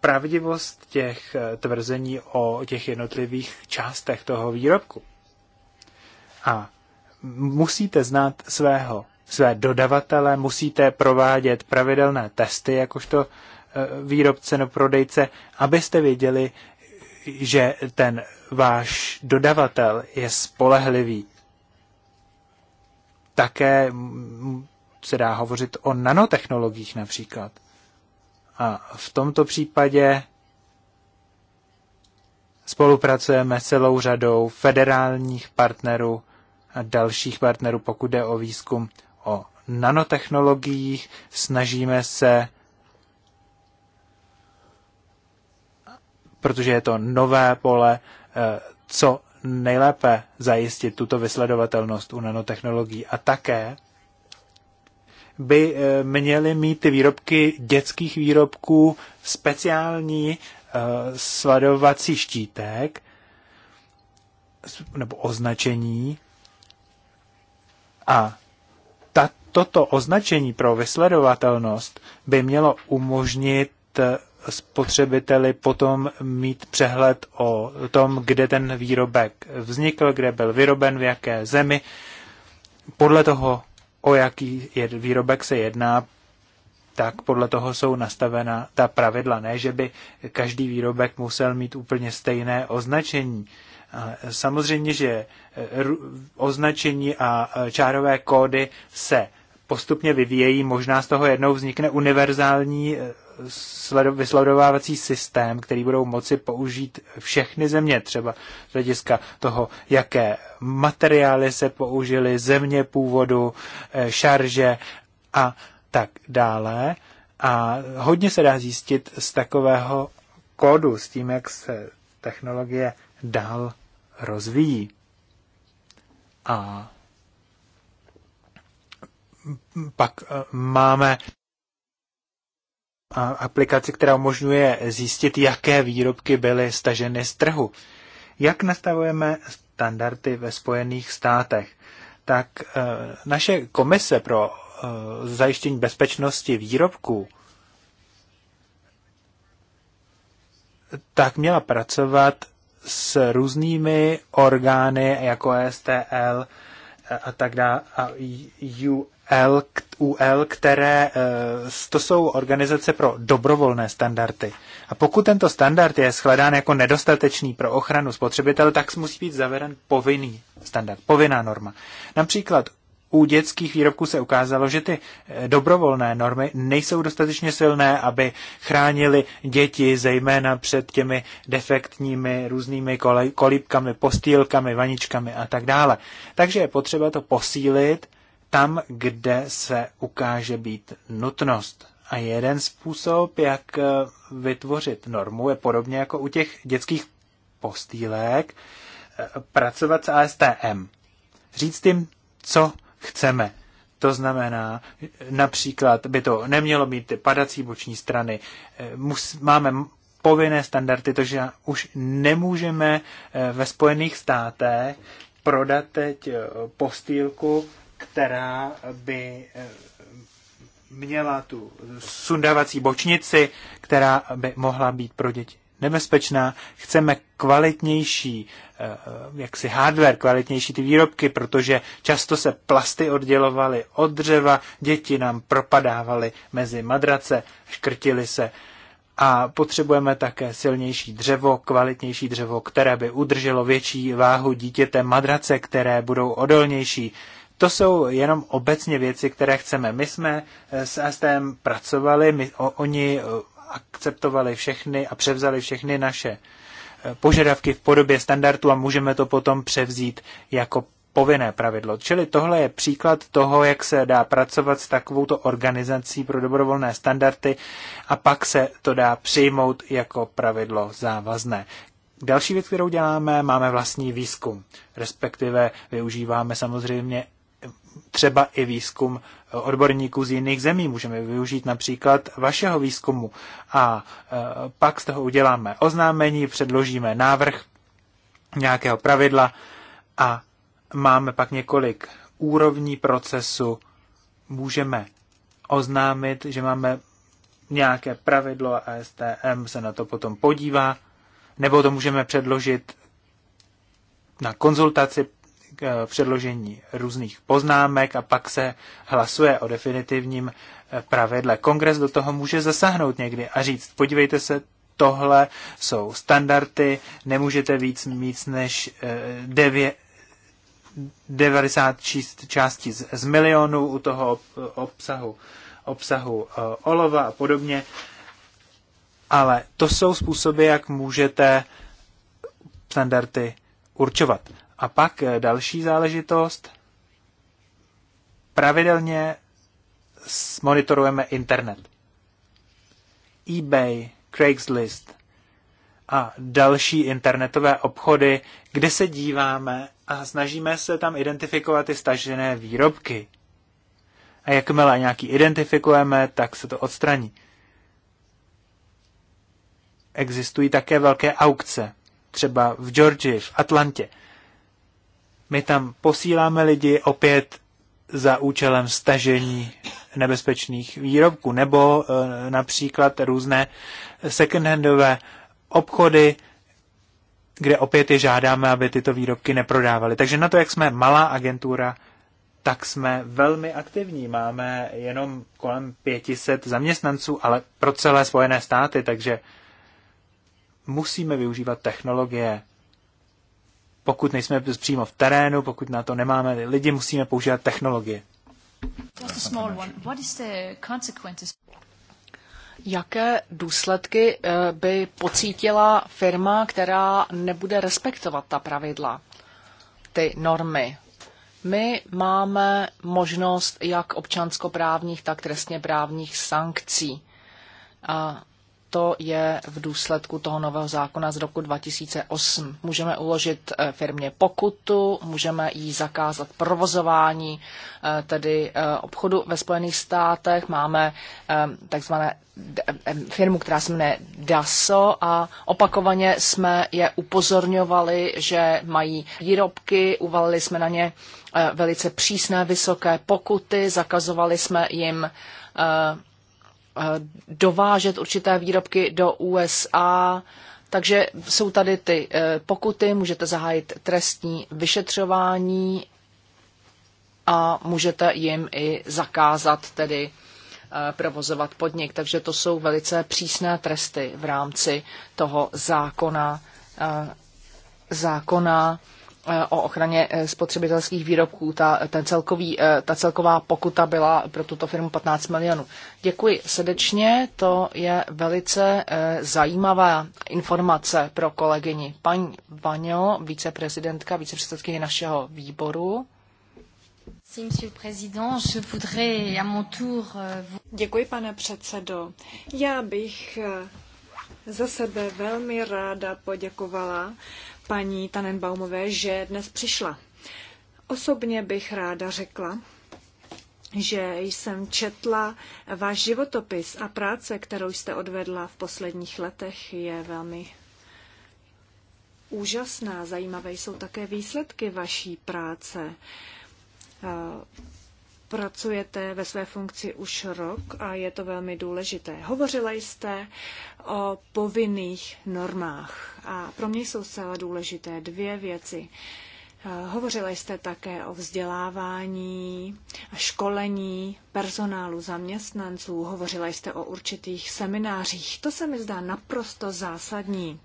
pravdivost těch e, tvrzení o těch jednotlivých částech toho výrobku. A musíte znát svého, své dodavatele, musíte provádět pravidelné testy, jakožto e, výrobce nebo prodejce, abyste věděli, že ten váš dodavatel je spolehlivý. Také se dá hovořit o nanotechnologiích například. A v tomto případě spolupracujeme celou řadou federálních partnerů dalších partnerů, pokud jde o výzkum o nanotechnologiích. Snažíme se, protože je to nové pole, eh, co nejlépe zajistit tuto vysledovatelnost u nanotechnologií. A také by eh, měly mít ty výrobky dětských výrobků speciální eh, sledovací štítek nebo označení, a ta, toto označení pro vysledovatelnost by mělo umožnit eh, spotřebiteli potom mít přehled o tom, kde ten výrobek vznikl, kde byl vyroben, v jaké zemi. Podle toho, o jaký výrobek se jedná, tak podle toho jsou nastavena ta pravidla. Ne, že by každý výrobek musel mít úplně stejné označení samozřejmě, že e, označení a e, čárové kódy se postupně vyvíjejí, možná z toho jednou vznikne univerzální e, vysledovávací systém, který budou moci použít všechny země, třeba z hlediska toho, jaké materiály se použily, země původu, šarže a tak dále. A hodně se dá zjistit z takového kódu, s tím, jak se technologie dál rozvíjí. A pak eh, máme eh, aplikaci, která umožňuje zjistit, jaké výrobky byly staženy z trhu. Jak nastavujeme standardy ve Spojených státech? Tak eh, naše komise pro zajištění bezpečnosti výrobků tak měla pracovat s různými orgány jako STL eh, a tak dále a UL, UL, které eh, to jsou organizace pro dobrovolné standardy. A pokud tento standard je shledán jako nedostatečný pro ochranu spotřebitele, tak musí být zaveden povinný standard, povinná norma. Například u dětských výrobků se ukázalo, že ty eh, dobrovolné normy nejsou dostatečně silné, aby chránili děti zejména před těmi defektními různými kolíbkami, postýlkami, vaničkami a tak dále. Takže je potřeba to posílit tam, kde se ukáže být nutnost. A jeden způsob, jak eh, vytvořit normu, je podobně jako u těch dětských postýlek, eh, pracovat s ASTM. Říct jim, co chceme. To znamená, například by to nemělo být padací boční strany. Eh, mus, máme povinné standardy, to, že už nemůžeme eh, ve Spojených státech prodat teď eh, postýlku, která by měla tu sundavací bočnici, která by mohla být pro děti nebezpečná. Chceme kvalitnější, eh, eh, jaksi hardware, kvalitnější ty výrobky, protože často se plasty oddělovaly od dřeva, děti nám propadávaly mezi madrace, škrtily se. A potřebujeme také silnější dřevo, kvalitnější dřevo, které by udrželo větší váhu dítěte, madrace, které budou odolnější. To jsou jenom obecně věci, které chceme. My jsme eh, s STM pracovali, my, o, oni akceptovali všechny a převzali všechny naše eh, požadavky v podobě standardu a můžeme to potom převzít jako povinné pravidlo. Čili tohle je příklad toho, jak se dá pracovat s takovouto organizací pro dobrovolné standardy a pak se to dá přijmout jako pravidlo závazné. Další věc, kterou děláme, máme vlastní výzkum, respektive využíváme samozřejmě třeba i výzkum odborníků z jiných zemí. Můžeme využít například vašeho výzkumu a e, pak z toho uděláme oznámení, předložíme návrh nějakého pravidla a máme pak několik úrovní procesu. Můžeme oznámit, že máme nějaké pravidlo a STM se na to potom podívá, nebo to můžeme předložit na konzultaci k předložení různých poznámek a pak se hlasuje o definitivním eh, pravidle. Kongres do toho může zasáhnout někdy a říct, podívejte se, tohle jsou standardy, nemůžete víc mít než 9, eh, 96 částí z, z milionu u toho obsahu, obsahu eh, olova a podobně. Ale to jsou způsoby, jak můžete standardy určovat. A pak eh, další záležitost. Pravidelně monitorujeme internet. eBay, Craigslist a další internetové obchody, kde se díváme a snažíme se tam identifikovat ty stažené výrobky. A jakmile nějaký identifikujeme, tak se to odstraní. Existují také velké aukce, třeba v Georgii, v Atlantě, my tam posíláme lidi opět za účelem stažení nebezpečných výrobků nebo e, například různé secondhandové obchody, kde opět je žádáme, aby tyto výrobky neprodávali. Takže na to, jak jsme malá agentura, tak jsme velmi aktivní. Máme jenom kolem 500 zaměstnanců, ale pro celé Spojené státy, takže musíme využívat technologie pokud nejsme přímo v terénu, pokud na to nemáme lidi, musíme používat technologie. Jaké důsledky eh, by pocítila firma, která nebude respektovat ta pravidla, ty normy? My máme možnost jak občanskoprávních, tak trestněprávních sankcí. A to je v důsledku toho nového zákona z roku 2008. Můžeme uložit eh, firmě pokutu, můžeme jí zakázat provozování eh, tedy eh, obchodu ve Spojených státech. Máme takzvané firmu, která se jmenuje DASO a opakovaně jsme je upozorňovali, že mají výrobky, uvalili jsme na ně velice přísné vysoké pokuty, zakazovali jsme jim Eh, dovážet určité výrobky do USA. Takže jsou tady ty eh, pokuty, můžete zahájit trestní vyšetřování a můžete jim i zakázat tedy eh, provozovat podnik. Takže to jsou velice přísné tresty v rámci toho zákona, zákona Eh, o ochraně eh, spotřebitelských výrobků. Ta, ten celkový, eh, ta celková pokuta byla pro tuto firmu 15 milionů. Děkuji srdečně, to je velice zajímavá informace pro kolegyni. Paní Vaňo, viceprezidentka, vicepředsedkyně našeho výboru. Euh, Děkuji, pane předsedo. Já bych za sebe velmi ráda poděkovala paní Tanenbaumové, že dnes přišla. Osobně bych ráda řekla, že jsem četla váš životopis a práce, kterou jste odvedla v posledních letech, je velmi úžasná. Zajímavé jsou také výsledky vaší práce pracujete ve své funkci už rok a je to velmi důležité. Hovořila jste o povinných normách a pro mě jsou zcela důležité dvě věci. Hovořila jste také o vzdělávání a školení personálu zaměstnanců, hovořila jste o určitých seminářích. To se mi zdá naprosto zásadní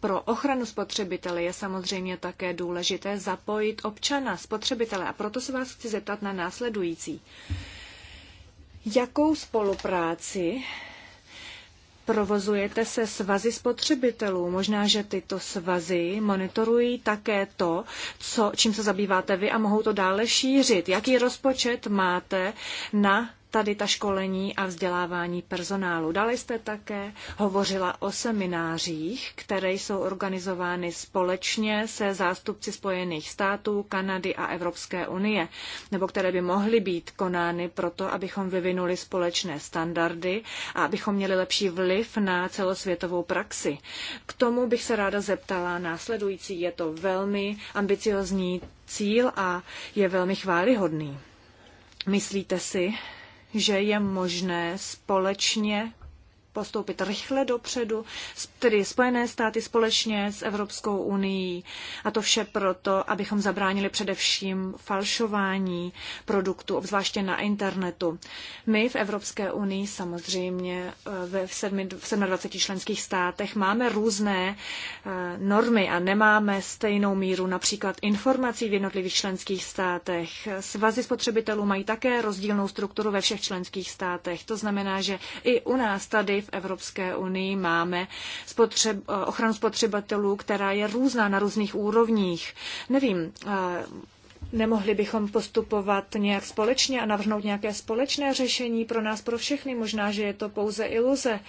pro ochranu spotřebitele je samozřejmě také důležité zapojit občana, spotřebitele. A proto se vás chci zeptat na následující. Jakou spolupráci provozujete se svazy spotřebitelů? Možná, že tyto svazy monitorují také to, co, čím se zabýváte vy a mohou to dále šířit. Jaký rozpočet máte na tady ta školení a vzdělávání personálu. Dali jste také hovořila o seminářích, které jsou organizovány společně se zástupci Spojených států, Kanady a Evropské unie, nebo které by mohly být konány proto, abychom vyvinuli společné standardy a abychom měli lepší vliv na celosvětovou praxi. K tomu bych se ráda zeptala následující. Je to velmi ambiciozní cíl a je velmi chválihodný. Myslíte si, že je možné společně postoupit rychle dopředu, tedy Spojené státy společně s Evropskou unii. A to vše proto, abychom zabránili především falšování produktů, obzvláště na internetu. My v Evropské unii samozřejmě eh, ve 27 členských státech máme různé eh, normy a nemáme stejnou míru například informací v jednotlivých členských státech. Svazy spotřebitelů mají také rozdílnou strukturu ve všech členských státech. To znamená, že i u nás tady v Evropské unii máme spotřeb, eh, ochranu spotřebitelů, která je různá na různých úrovních. Nevím, eh, Nemohli bychom postupovat nějak společně a navrhnout nějaké společné řešení pro nás, pro všechny. Možná, že je to pouze iluze,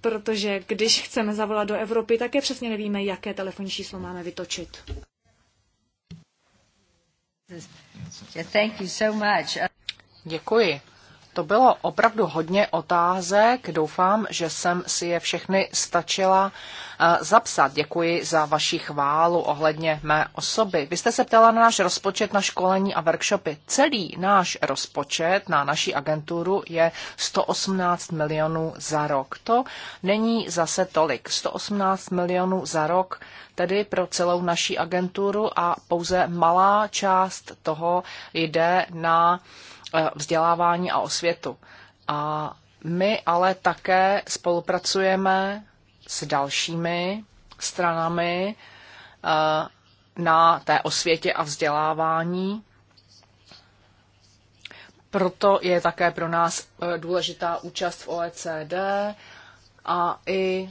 protože když chceme zavolat do Evropy, také přesně nevíme, jaké telefonní číslo máme vytočit. Děkuji. To bylo opravdu hodně otázek. Doufám, že jsem si je všechny stačila eh, zapsat. Děkuji za vaši chválu ohledně mé osoby. Vy jste se ptala na náš rozpočet na školení a workshopy. Celý náš rozpočet na naší agenturu je 118 milionů za rok. To není zase tolik. 118 milionů za rok tedy pro celou naší agenturu a pouze malá část toho jde na Eh, vzdělávání a osvětu. A my ale také spolupracujeme s dalšími stranami eh, na té osvětě a vzdělávání. Proto je také pro nás eh, důležitá účast v OECD a i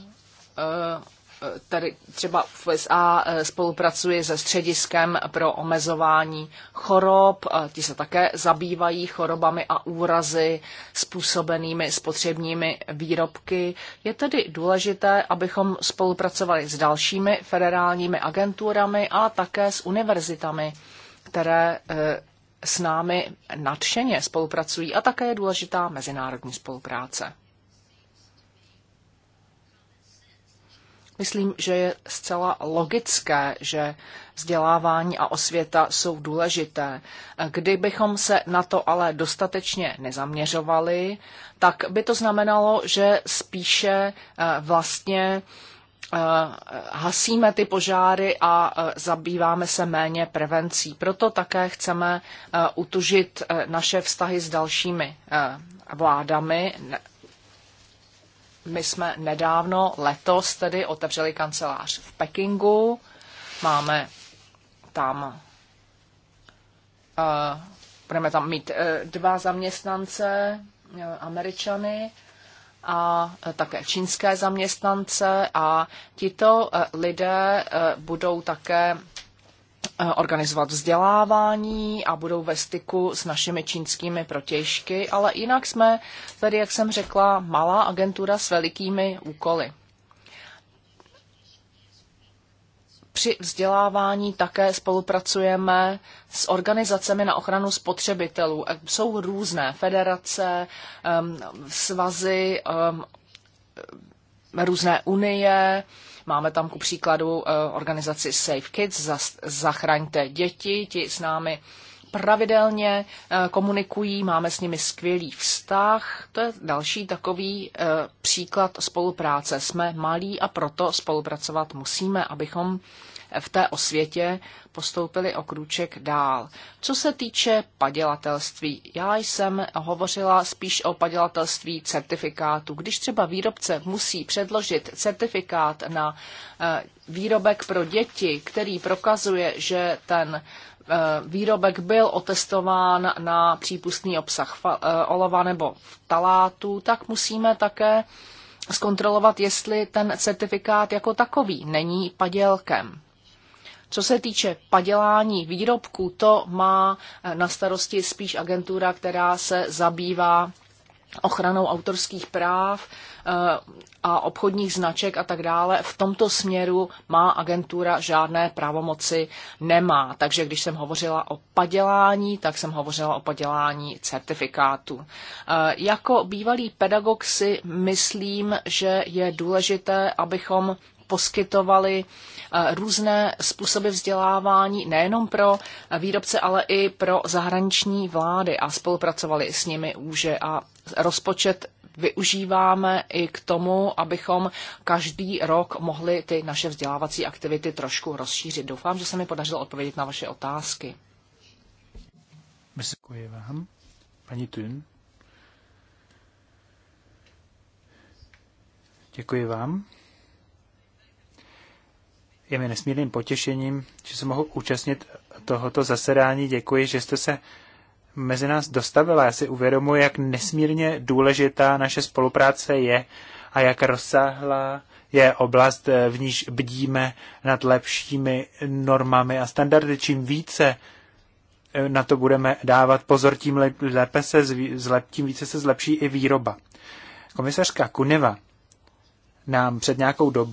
tady třeba v USA eh, spolupracuji se střediskem pro omezování chorob. Eh, ti se také zabývají chorobami a úrazy způsobenými spotřebními výrobky. Je tedy důležité, abychom spolupracovali s dalšími federálními agenturami a také s univerzitami, které eh, s námi nadšeně spolupracují a také je důležitá mezinárodní spolupráce. Myslím, že je zcela logické, že vzdělávání a osvěta jsou důležité. Kdybychom se na to ale dostatečně nezaměřovali, tak by to znamenalo, že spíše eh, vlastně eh, hasíme ty požáry a eh, zabýváme se méně prevencí. Proto také chceme utužit naše vztahy s dalšími vládami, my jsme nedávno, letos tedy, otevřeli kancelář v Pekingu. Máme tam, uh, budeme tam mít uh, dva zaměstnance, uh, američany a také čínské zaměstnance a tito lidé budou také Eh, organizovat vzdělávání a budou ve styku s našimi čínskými protěžky, ale jinak jsme tady, jak jsem řekla, malá agentura s velikými úkoly. Při vzdělávání také spolupracujeme s organizacemi na ochranu spotřebitelů. Eh, jsou různé federace, svazy, různé unie, Máme tam ku příkladu eh, organizaci Save Kids, zachraňte děti, ti s námi pravidelně eh, komunikují, máme s nimi skvělý vztah. To je další takový eh, příklad spolupráce. Jsme malí a proto spolupracovat musíme, abychom v té osvětě postoupili o krůček dál. Co se týče padělatelství, já jsem hovořila spíš o padělatelství certifikátu. Když třeba výrobce musí předložit certifikát na eh, výrobek pro děti, který prokazuje, že ten eh, výrobek byl otestován na přípustný obsah eh, olova nebo talátu, tak musíme také zkontrolovat, jestli ten certifikát jako takový není padělkem. Co se týče padělání výrobků, to má eh, na starosti spíš agentura, která se zabývá ochranou autorských práv eh, a obchodních značek a tak dále. V tomto směru má agentura žádné právomoci nemá. Takže když jsem hovořila o padělání, tak jsem hovořila o padělání certifikátu. Eh, jako bývalý pedagog si myslím, že je důležité, abychom poskytovali eh, různé způsoby vzdělávání nejenom pro eh, výrobce, ale i pro zahraniční vlády a spolupracovali s nimi úže a rozpočet využíváme i k tomu, abychom každý rok mohli ty naše vzdělávací aktivity trošku rozšířit. Doufám, že se mi podařilo odpovědět na vaše otázky. Děkuji vám. Paní Tun. Děkuji vám je mi nesmírným potěšením, že se mohu účastnit tohoto zasedání. Děkuji, že jste se mezi nás dostavila. Já si uvědomuji, jak nesmírně důležitá naše spolupráce je a jak rozsáhlá je oblast, v níž bdíme nad lepšími normami a standardy. Čím více eh, na to budeme dávat pozor, tím lépe se zlep, tím více se zlepší i výroba. Komisařka Kuneva nám před nějakou dob,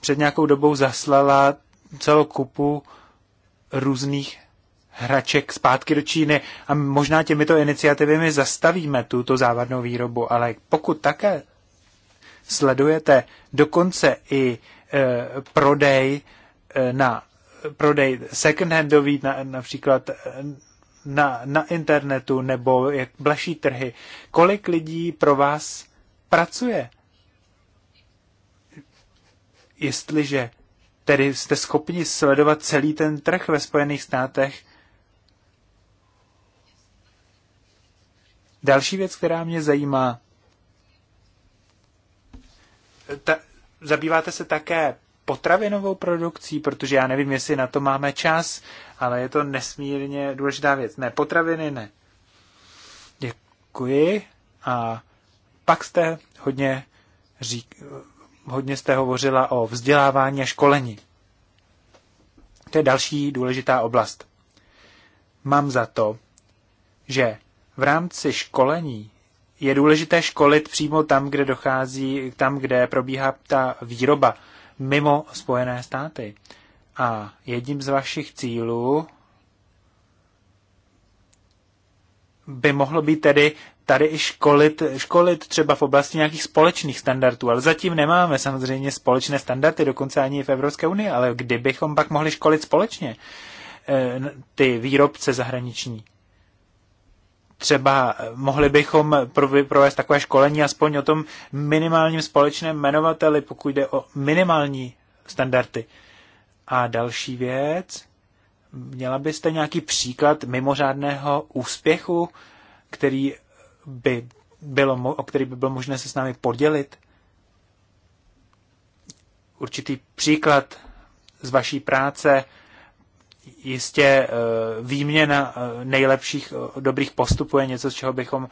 před nějakou dobou zaslala celou kupu různých hraček zpátky do Číny a možná těmito iniciativami zastavíme tuto závadnou výrobu, ale pokud také sledujete dokonce i e, prodej e, na prodej second-handový na, například e, na, na internetu nebo jak blaší trhy, kolik lidí pro vás pracuje jestliže tedy jste schopni sledovat celý ten trh ve Spojených státech. Další věc, která mě zajímá, ta, zabýváte se také potravinovou produkcí, protože já nevím, jestli na to máme čas, ale je to nesmírně důležitá věc. Ne, potraviny ne. Děkuji. A pak jste hodně řík, hodně jste hovořila o vzdělávání a školení. To je další důležitá oblast. Mám za to, že v rámci školení je důležité školit přímo tam, kde dochází, tam, kde probíhá ta výroba mimo Spojené státy. A jedním z vašich cílů by mohlo být tedy tady i školit, školit třeba v oblasti nějakých společných standardů, ale zatím nemáme samozřejmě společné standardy, dokonce ani v Evropské unii, ale kdybychom pak mohli školit společně eh, ty výrobce zahraniční. Třeba eh, mohli bychom provést takové školení aspoň o tom minimálním společném jmenovateli, pokud jde o minimální standardy. A další věc, Měla byste nějaký příklad mimořádného úspěchu, který by bylo, o který by bylo možné se s námi podělit? Určitý příklad z vaší práce, jistě eh, výměna eh, nejlepších eh, dobrých postupů je něco, z čeho bychom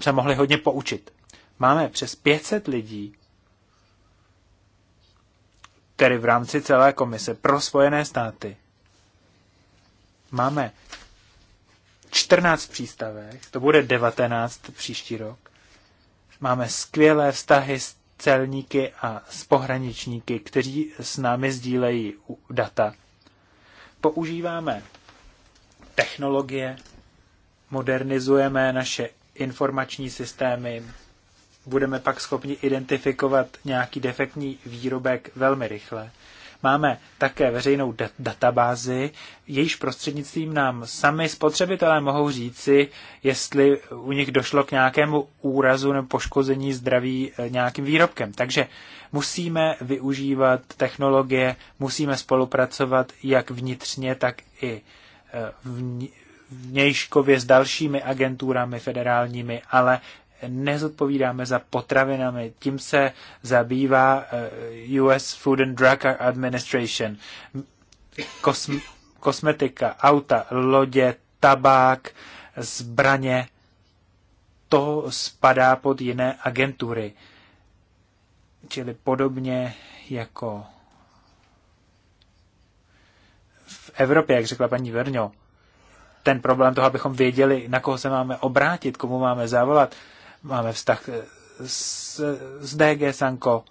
se mohli hodně poučit. Máme přes 500 lidí, tedy v rámci celé komise pro svojené státy, máme 14 přístavech, to bude 19 příští rok. Máme skvělé vztahy s celníky a s pohraničníky, kteří s námi sdílejí data. Používáme technologie, modernizujeme naše informační systémy, budeme pak schopni identifikovat nějaký defektní výrobek velmi rychle Máme také veřejnou dat- databázi, jejíž prostřednictvím nám sami spotřebitelé mohou říci, jestli u nich došlo k nějakému úrazu nebo poškození zdraví eh, nějakým výrobkem. Takže musíme využívat technologie, musíme spolupracovat jak vnitřně, tak i eh, vnitřně vnějškově s dalšími agenturami federálními, ale nezodpovídáme za potravinami. Tím se zabývá eh, US Food and Drug Administration. Kosm- kosmetika, auta, lodě, tabák, zbraně, to spadá pod jiné agentury. Čili podobně jako v Evropě, jak řekla paní Verňo, ten problém toho, abychom věděli, na koho se máme obrátit, komu máme zavolat, máme vztah eh, s, s DG Sanko,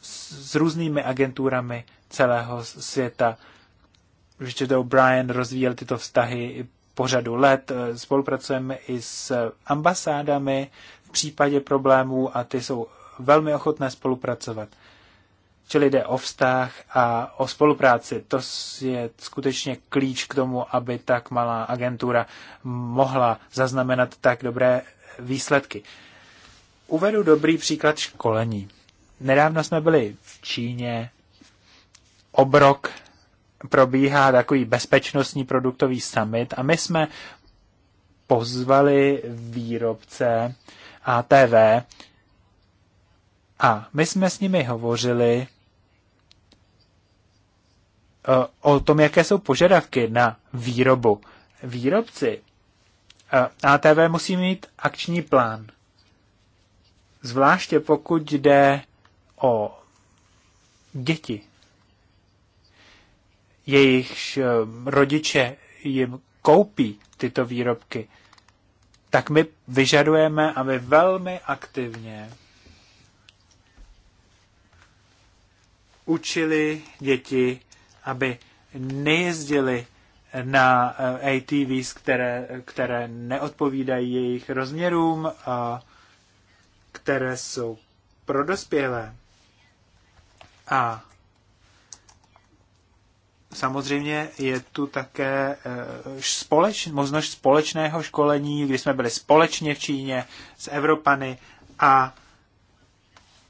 s, s různými agenturami celého světa. Richard O'Brien rozvíjel tyto vztahy po řadu let. Eh, spolupracujeme i s ambasádami v případě problémů a ty jsou velmi ochotné spolupracovat. Čili jde o vztah a o spolupráci. To je skutečně klíč k tomu, aby tak malá agentura mohla zaznamenat tak dobré výsledky. Uvedu dobrý příklad školení. Nedávno jsme byli v Číně. Obrok probíhá takový bezpečnostní produktový summit a my jsme pozvali výrobce ATV a my jsme s nimi hovořili eh, o tom, jaké jsou požadavky na výrobu. Výrobci Eh, ATV musí mít akční plán. Zvláště pokud jde o děti, jejichž eh, rodiče jim koupí tyto výrobky, tak my vyžadujeme, aby velmi aktivně učili děti, aby nejezdili na eh, ATVs, které, které neodpovídají jejich rozměrům a které jsou pro dospělé. A samozřejmě je tu také eh, společ, možnost společného školení, kdy jsme byli společně v Číně s Evropany a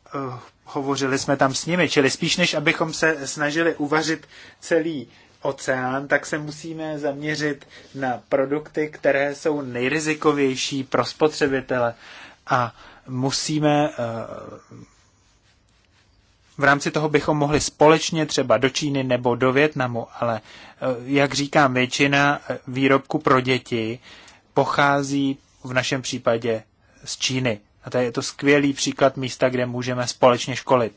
eh, hovořili jsme tam s nimi, čili spíš než abychom se snažili uvařit celý oceán, tak se musíme zaměřit na produkty, které jsou nejrizikovější pro spotřebitele a musíme eh, v rámci toho bychom mohli společně třeba do Číny nebo do Větnamu, ale eh, jak říkám, většina eh, výrobku pro děti pochází v našem případě z Číny. A to je to skvělý příklad místa, kde můžeme společně školit.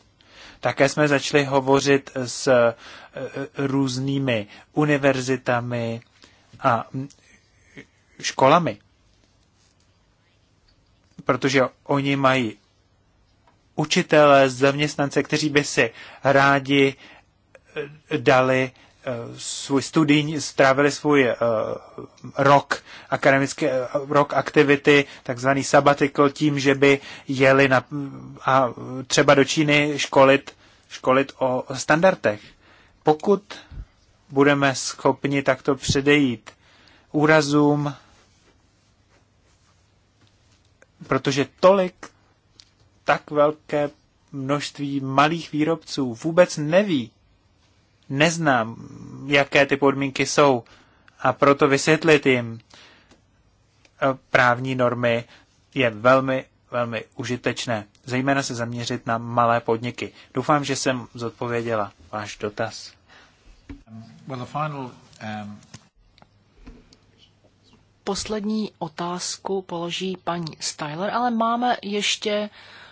Také jsme začali hovořit s eh, různými univerzitami a mm, školami, protože oni mají učitele, zaměstnance, kteří by si rádi eh, dali svůj studijní, strávili svůj uh, rok akademické, rok aktivity, takzvaný sabbatical, tím, že by jeli na, a třeba do Číny školit, školit o standardech. Pokud budeme schopni takto předejít úrazům, protože tolik tak velké množství malých výrobců vůbec neví, neznám, jaké ty podmínky jsou a proto vysvětlit jim eh, právní normy je velmi, velmi užitečné. Zejména se zaměřit na malé podniky. Doufám, že jsem zodpověděla váš dotaz. Um, Poslední otázku položí paní Styler, ale máme ještě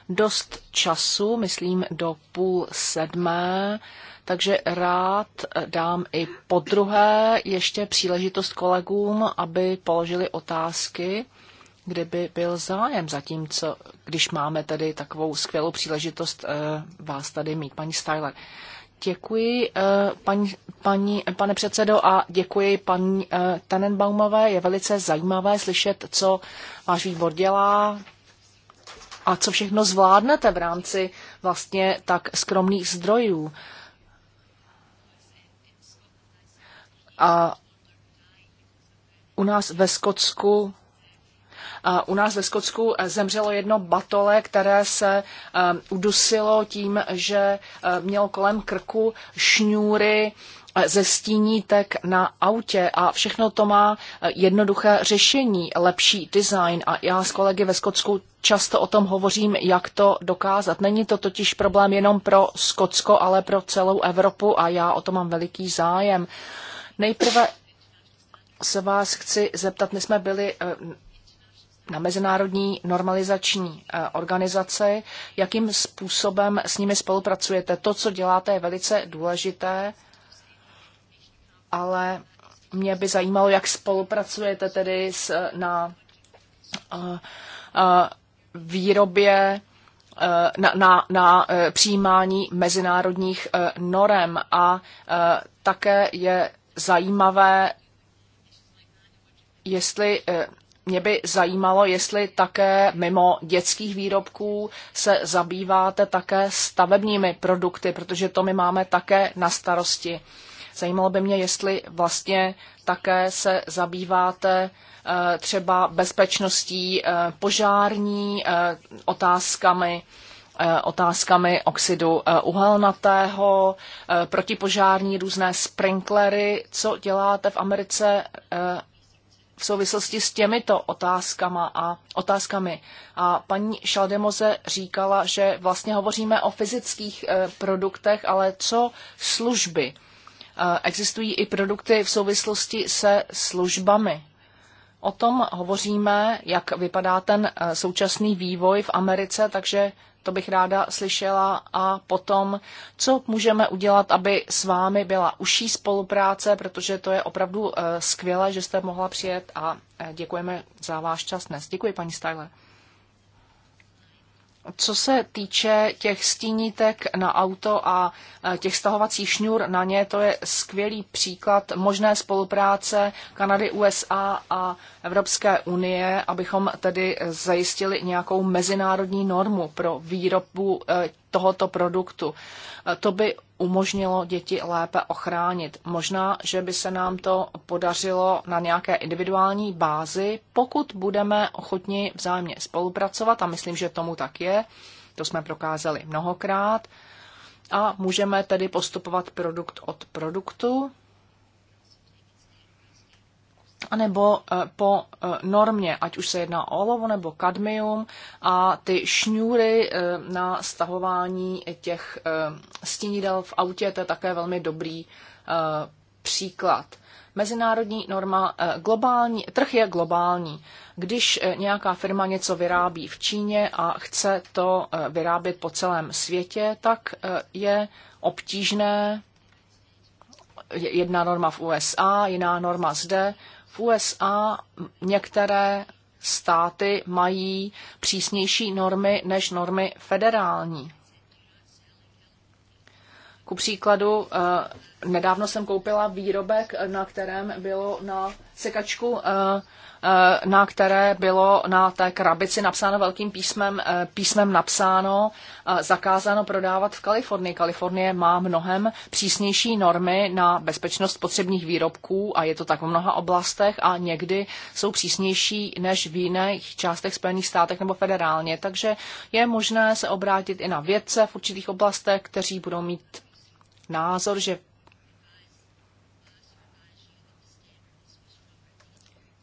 dost času, myslím do půl sedmé, takže rád eh, dám i po druhé ještě příležitost kolegům, aby položili otázky, kdyby byl zájem. Zatímco, když máme tady takovou skvělou příležitost eh, vás tady mít, paní Styler. Děkuji, eh, paní, paní, pane předsedo, a děkuji paní Tenenbaumové. Je velice zajímavé slyšet, co váš výbor dělá, a co všechno zvládnete v rámci vlastně tak skromných zdrojů. A u nás ve Skotsku u nás ve Skotsku zemřelo jedno batole, které se um, udusilo tím, že uh, mělo kolem krku šňůry Eh, ze stínítek na autě a všechno to má eh, jednoduché řešení, lepší design a já s kolegy ve Skotsku často o tom hovořím, jak to dokázat. Není to totiž problém jenom pro Skotsko, ale pro celou Evropu a já o to mám veliký zájem. Nejprve se vás chci zeptat, my jsme byli eh, na mezinárodní normalizační organizaci, jakým způsobem s nimi spolupracujete. To, co děláte, je velice důležité ale mě by zajímalo, jak spolupracujete tedy s, na a, eh, a, eh, výrobě eh, na, na, na přijímání mezinárodních norem a také je zajímavé, jestli mě by zajímalo, jestli také mimo dětských výrobků se zabýváte také stavebními produkty, protože to my máme také na starosti. Zajímalo by mě, jestli vlastně také se zabýváte eh, třeba bezpečností eh, požární, eh, otázkami otázkami oxidu uhelnatého, protipožární různé sprinklery. Co děláte v Americe v souvislosti s těmito otázkama a otázkami. A paní Šaldemoze říkala, že vlastně hovoříme o fyzických produktech, ale co služby? Eh, existují i produkty v souvislosti se službami. O tom hovoříme, jak vypadá ten eh, současný vývoj v Americe, takže to bych ráda slyšela. A potom, co můžeme udělat, aby s vámi byla užší spolupráce, protože to je opravdu eh, skvělé, že jste mohla přijet a děkujeme za váš čas dnes. Děkuji, paní Styler. Co se týče těch stínítek na auto a e, těch stahovacích šňůr na ně, to je skvělý příklad možné spolupráce Kanady, USA a Evropské unie, abychom tedy eh, zajistili nějakou mezinárodní normu pro výrobu eh, tohoto produktu. Eh, to by umožnilo děti lépe ochránit. Možná, že by se nám to podařilo na nějaké individuální bázi, pokud budeme ochotni vzájemně spolupracovat, a myslím, že tomu tak je, to jsme prokázali mnohokrát, a můžeme tedy postupovat produkt od produktu, nebo eh, po eh, normě, ať už se jedná o olovo nebo kadmium a ty šňůry eh, na stahování těch stínidel v autě, to je také velmi dobrý příklad. Mezinárodní norma, globální, trh je globální. Když nějaká firma něco vyrábí v Číně a chce to vyrábět po celém světě, tak je obtížné jedna norma v USA, jiná norma zde, v USA některé státy mají přísnější normy než normy federální. Ku příkladu, eh, nedávno jsem koupila výrobek, na kterém bylo na sekačku, eh, eh, na které bylo na té krabici napsáno velkým písmem, eh, písmem napsáno, zakázáno prodávat v Kalifornii. Kalifornie má mnohem přísnější normy na bezpečnost potřebních výrobků a je to tak v mnoha oblastech a někdy jsou přísnější než v jiných částech Spojených státech nebo federálně. Takže je možné se obrátit i na vědce v určitých oblastech, kteří budou mít názor, že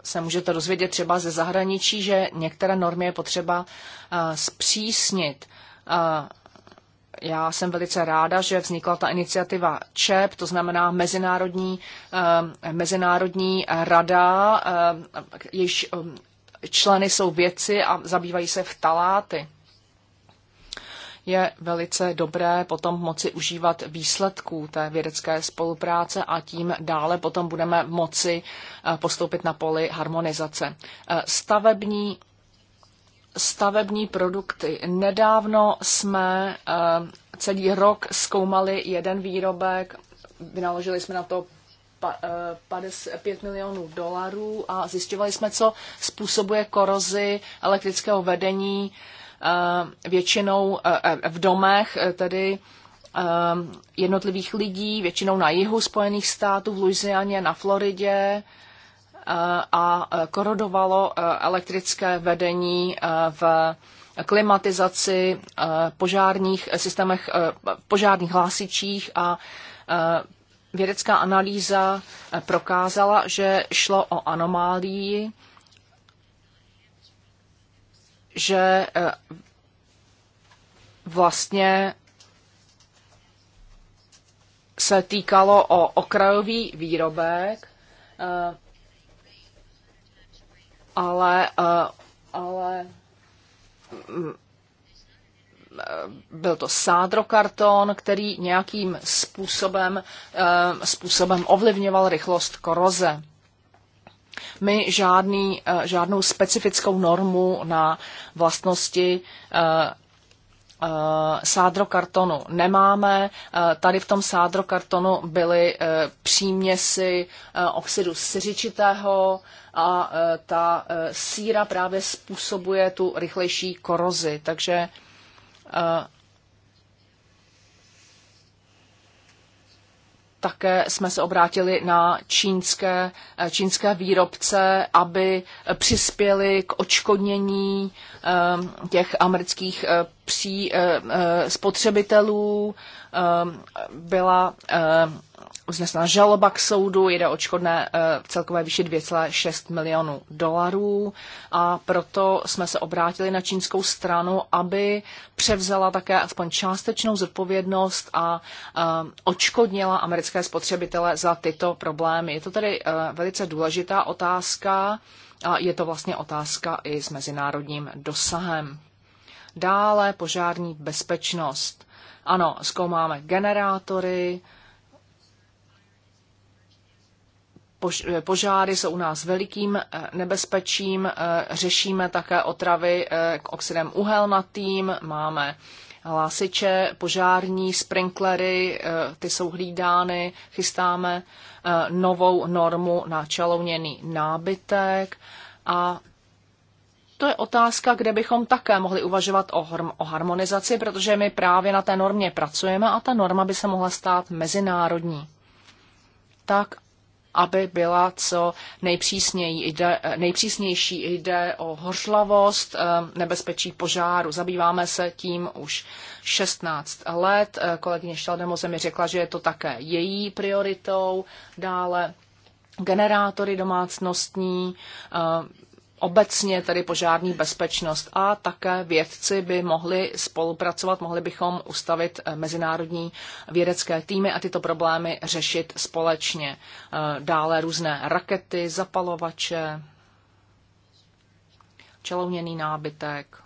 se můžete dozvědět třeba ze zahraničí, že některé normy je potřeba eh, zpřísnit. Eh, já jsem velice ráda, že vznikla ta iniciativa ČEP, to znamená Mezinárodní, eh, Mezinárodní rada, jejíž členy jsou věci a zabývají se v taláty je velice dobré potom moci užívat výsledků té vědecké spolupráce a tím dále potom budeme moci eh, postoupit na poli harmonizace. Eh, stavební stavební produkty. Nedávno jsme eh, celý rok zkoumali jeden výrobek, vynaložili jsme na to 5 milionů dolarů a zjišťovali jsme, co způsobuje korozi elektrického vedení Eh, většinou eh, v domech eh, tedy jednotlivých lidí, většinou na jihu Spojených států, v Louisianě, na Floridě a korodovalo elektrické vedení v klimatizaci, požárních systémech, požárních hlásičích a vědecká analýza prokázala, že šlo o anomálii, že eh, vlastně se týkalo o okrajový výrobek, eh, ale, eh, ale mm, byl to sádrokarton, který nějakým způsobem, způsobem ovlivňoval rychlost koroze. My žádný, eh, žádnou specifickou normu na vlastnosti eh, eh, sádrokartonu nemáme. Tady v tom sádrokartonu byly příměsi oxidu siřičitého a ta síra právě způsobuje tu rychlejší korozi. Takže také jsme se obrátili na čínské, eh, čínské výrobce, aby přispěli k očkodnění eh, těch amerických eh, pří eh, eh, spotřebitelů, eh, byla vznesena žaloba k soudu, jde o škodné v celkové výši 2,6 milionů dolarů a proto jsme se obrátili na čínskou stranu, aby převzala také aspoň částečnou zodpovědnost a očkodnila americké spotřebitele za tyto problémy. Je to tedy velice důležitá otázka a je to vlastně otázka i s mezinárodním dosahem. Dále požární bezpečnost. Ano, zkoumáme generátory, eh, Požáry jsou u nás velikým eh, nebezpečím, eh, řešíme také otravy k oxidem uhelnatým, máme hlásiče, požární sprinklery, ty jsou hlídány, chystáme novou normu na čalouněný nábytek a to je otázka, kde bychom také mohli uvažovat o, o harmonizaci, protože my právě na té normě pracujeme a ta norma by se mohla stát mezinárodní. Tak, aby byla co nejpřísněji jde, nejpřísnější. Jde o hořlavost, eh, nebezpečí požáru. Zabýváme se tím už 16 let. Eh, kolegyně Šaldemoze mi řekla, že je to také její prioritou. Dále generátory domácnostní, eh, obecně tedy požární bezpečnost a také vědci by mohli spolupracovat, mohli bychom ustavit eh, mezinárodní vědecké týmy a tyto problémy řešit společně. Eh, dále různé rakety, zapalovače, čelouněný nábytek,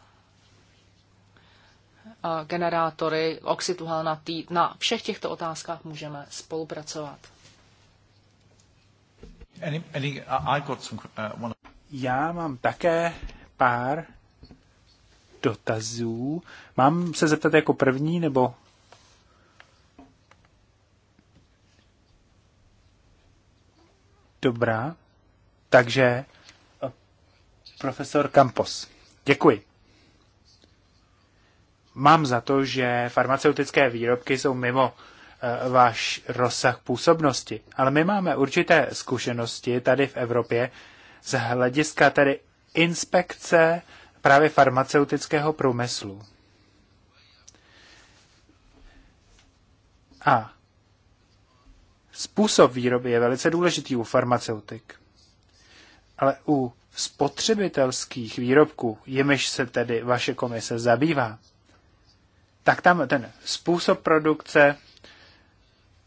eh, generátory, oxid uhelnatý. Na všech těchto otázkách můžeme spolupracovat. Any, any, I got some, uh, one já mám také pár dotazů. Mám se zeptat jako první, nebo... Dobrá. Takže eh, profesor Campos. Děkuji. Mám za to, že farmaceutické výrobky jsou mimo eh, váš rozsah působnosti, ale my máme určité zkušenosti tady v Evropě, z hlediska tedy inspekce právě farmaceutického průmyslu. A způsob výroby je velice důležitý u farmaceutik. Ale u spotřebitelských výrobků, jimiž se tedy vaše komise zabývá, tak tam ten způsob produkce,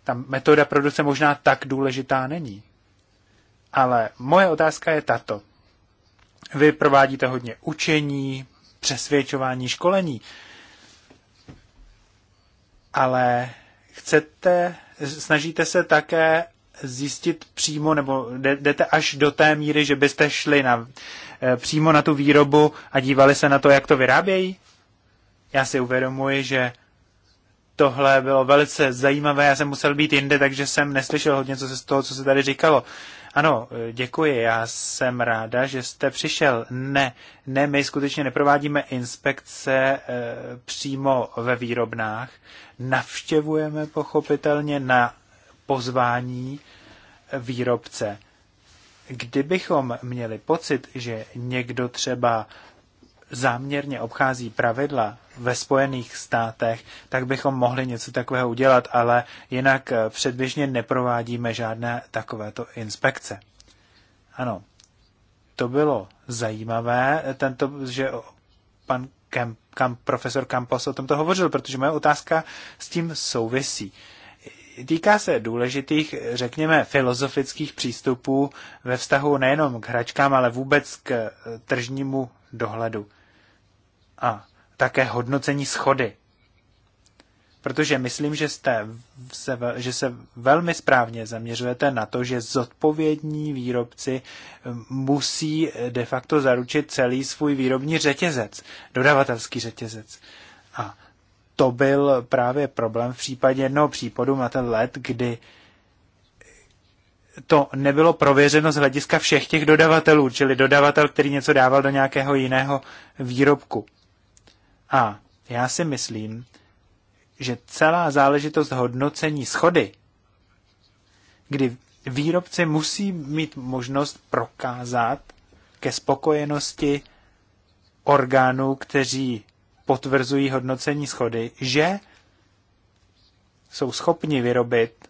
ta metoda produkce možná tak důležitá není. Ale moje otázka je tato. Vy provádíte hodně učení, přesvědčování, školení, ale chcete, snažíte se také zjistit přímo, nebo jdete až do té míry, že byste šli na, eh, přímo na tu výrobu a dívali se na to, jak to vyrábějí? Já si uvědomuji, že tohle bylo velice zajímavé, já jsem musel být jinde, takže jsem neslyšel hodně co se z toho, co se tady říkalo. Ano, děkuji, já jsem ráda, že jste přišel. Ne, ne, my skutečně neprovádíme inspekce e, přímo ve výrobnách. Navštěvujeme pochopitelně na pozvání výrobce. Kdybychom měli pocit, že někdo třeba záměrně obchází pravidla ve Spojených státech, tak bychom mohli něco takového udělat, ale jinak eh, předběžně neprovádíme žádné takovéto inspekce. Ano, to bylo zajímavé, eh, tento, že pan Kemp, kam, profesor Campos o tomto hovořil, protože moje otázka s tím souvisí. Týká se důležitých, řekněme, filozofických přístupů ve vztahu nejenom k hračkám, ale vůbec k eh, tržnímu dohledu a také hodnocení schody. Protože myslím, že, jste se, že se velmi správně zaměřujete na to, že zodpovědní výrobci ehm, musí de facto zaručit celý svůj výrobní řetězec, dodavatelský řetězec. A to byl právě problém v případě jednoho případu na ten let, kdy to nebylo prověřeno z hlediska všech těch dodavatelů, čili dodavatel, který něco dával do nějakého jiného výrobku. A já si myslím, že celá záležitost hodnocení schody, kdy výrobci musí mít možnost prokázat ke spokojenosti orgánů, kteří potvrzují hodnocení schody, že jsou schopni vyrobit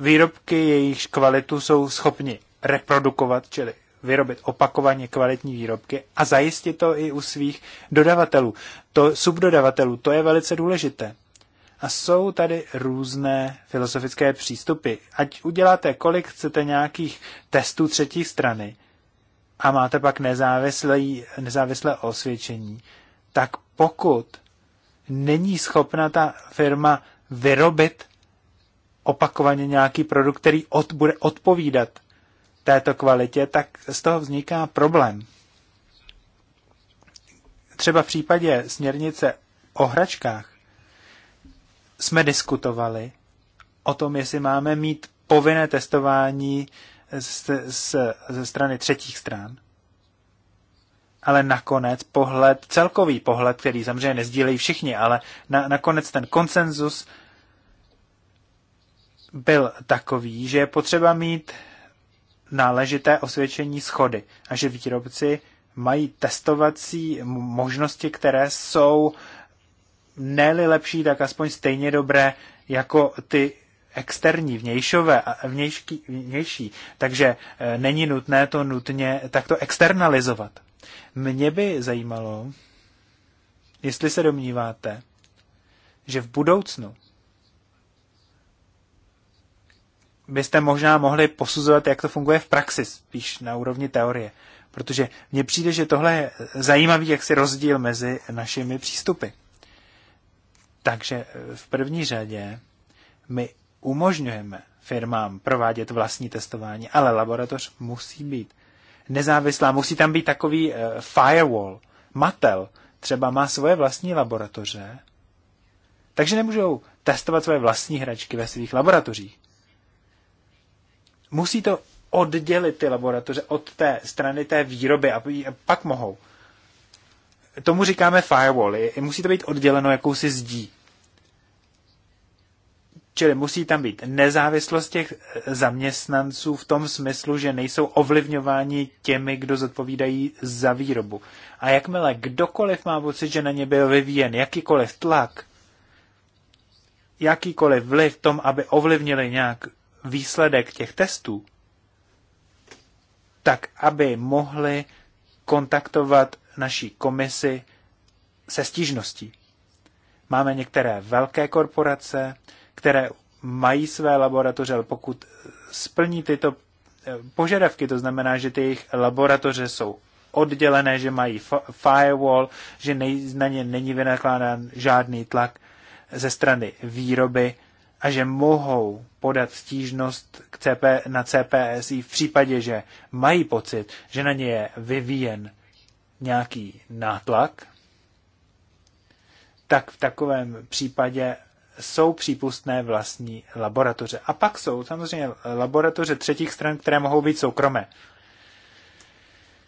výrobky, jejichž kvalitu jsou schopni reprodukovat, čili vyrobit opakovaně kvalitní výrobky a zajistit to i u svých dodavatelů, to, subdodavatelů. To je velice důležité. A jsou tady různé filozofické přístupy. Ať uděláte kolik chcete nějakých testů třetí strany a máte pak nezávislé, nezávislé osvědčení, tak pokud není schopna ta firma vyrobit opakovaně nějaký produkt, který od, bude odpovídat této kvalitě, tak z toho vzniká problém. Třeba v případě směrnice o hračkách jsme diskutovali o tom, jestli máme mít povinné testování z, z, ze strany třetích stran. Ale nakonec pohled, celkový pohled, který samozřejmě nezdílejí všichni, ale na, nakonec ten konsenzus byl takový, že je potřeba mít náležité osvědčení schody a že výrobci mají testovací možnosti, které jsou ne lepší, tak aspoň stejně dobré jako ty externí, vnějšové, vnější, vnější. Takže e, není nutné to nutně takto externalizovat. Mě by zajímalo, jestli se domníváte, že v budoucnu byste možná mohli posuzovat, jak to funguje v praxi, spíš na úrovni teorie. Protože mně přijde, že tohle je zajímavý jaksi rozdíl mezi našimi přístupy. Takže v první řadě my umožňujeme firmám provádět vlastní testování, ale laboratoř musí být nezávislá, musí tam být takový eh, firewall. Matel třeba má svoje vlastní laboratoře, takže nemůžou testovat svoje vlastní hračky ve svých laboratořích musí to oddělit ty laboratoře od té strany té výroby a pak mohou. Tomu říkáme firewall. Musí to být odděleno jakousi zdí. Čili musí tam být nezávislost těch e, zaměstnanců v tom smyslu, že nejsou ovlivňováni těmi, kdo zodpovídají za výrobu. A jakmile kdokoliv má pocit, že na ně byl vyvíjen jakýkoliv tlak, jakýkoliv vliv v tom, aby ovlivnili nějak výsledek těch testů, tak aby mohli kontaktovat naší komisi se stížností. Máme některé velké korporace, které mají své laboratoře, ale pokud splní tyto eh, požadavky, to znamená, že ty jejich laboratoře jsou oddělené, že mají firewall, že na ně není vynakládán žádný tlak ze strany výroby, a že mohou podat stížnost k CP, na CPSI v případě, že mají pocit, že na ně je vyvíjen nějaký nátlak, tak v takovém případě jsou přípustné vlastní laboratoře. A pak jsou samozřejmě laboratoře třetích stran, které mohou být soukromé.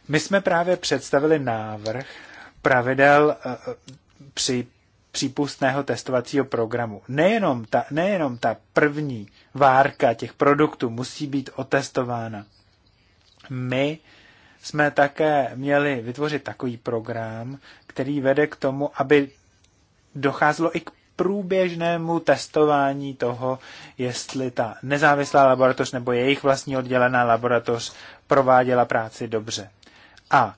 My jsme právě představili návrh pravidel eh, eh, při přípustného testovacího programu. Nejenom ta, nejenom ta první várka těch produktů musí být otestována. My jsme také měli vytvořit takový program, který vede k tomu, aby docházelo i k průběžnému testování toho, jestli ta nezávislá laboratoř nebo jejich vlastní oddělená laboratoř prováděla práci dobře. A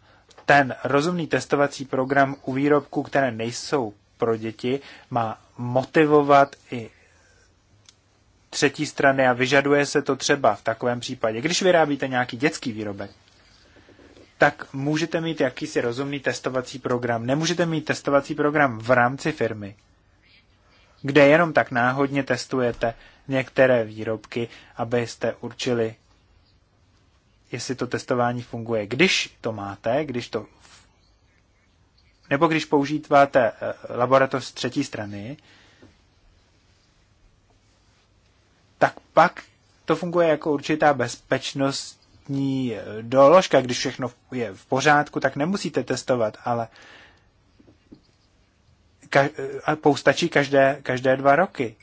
ten rozumný testovací program u výrobků, které nejsou pro děti má motivovat i třetí strany a vyžaduje se to třeba v takovém případě. Když vyrábíte nějaký dětský výrobek, tak můžete mít jakýsi rozumný testovací program. Nemůžete mít testovací program v rámci firmy, kde jenom tak náhodně testujete některé výrobky, abyste určili, jestli to testování funguje. Když to máte, když to nebo když používáte eh, laboratoř z třetí strany, tak pak to funguje jako určitá bezpečnostní eh, doložka. Když všechno je v pořádku, tak nemusíte testovat, ale eh, poustačí každé, každé dva roky,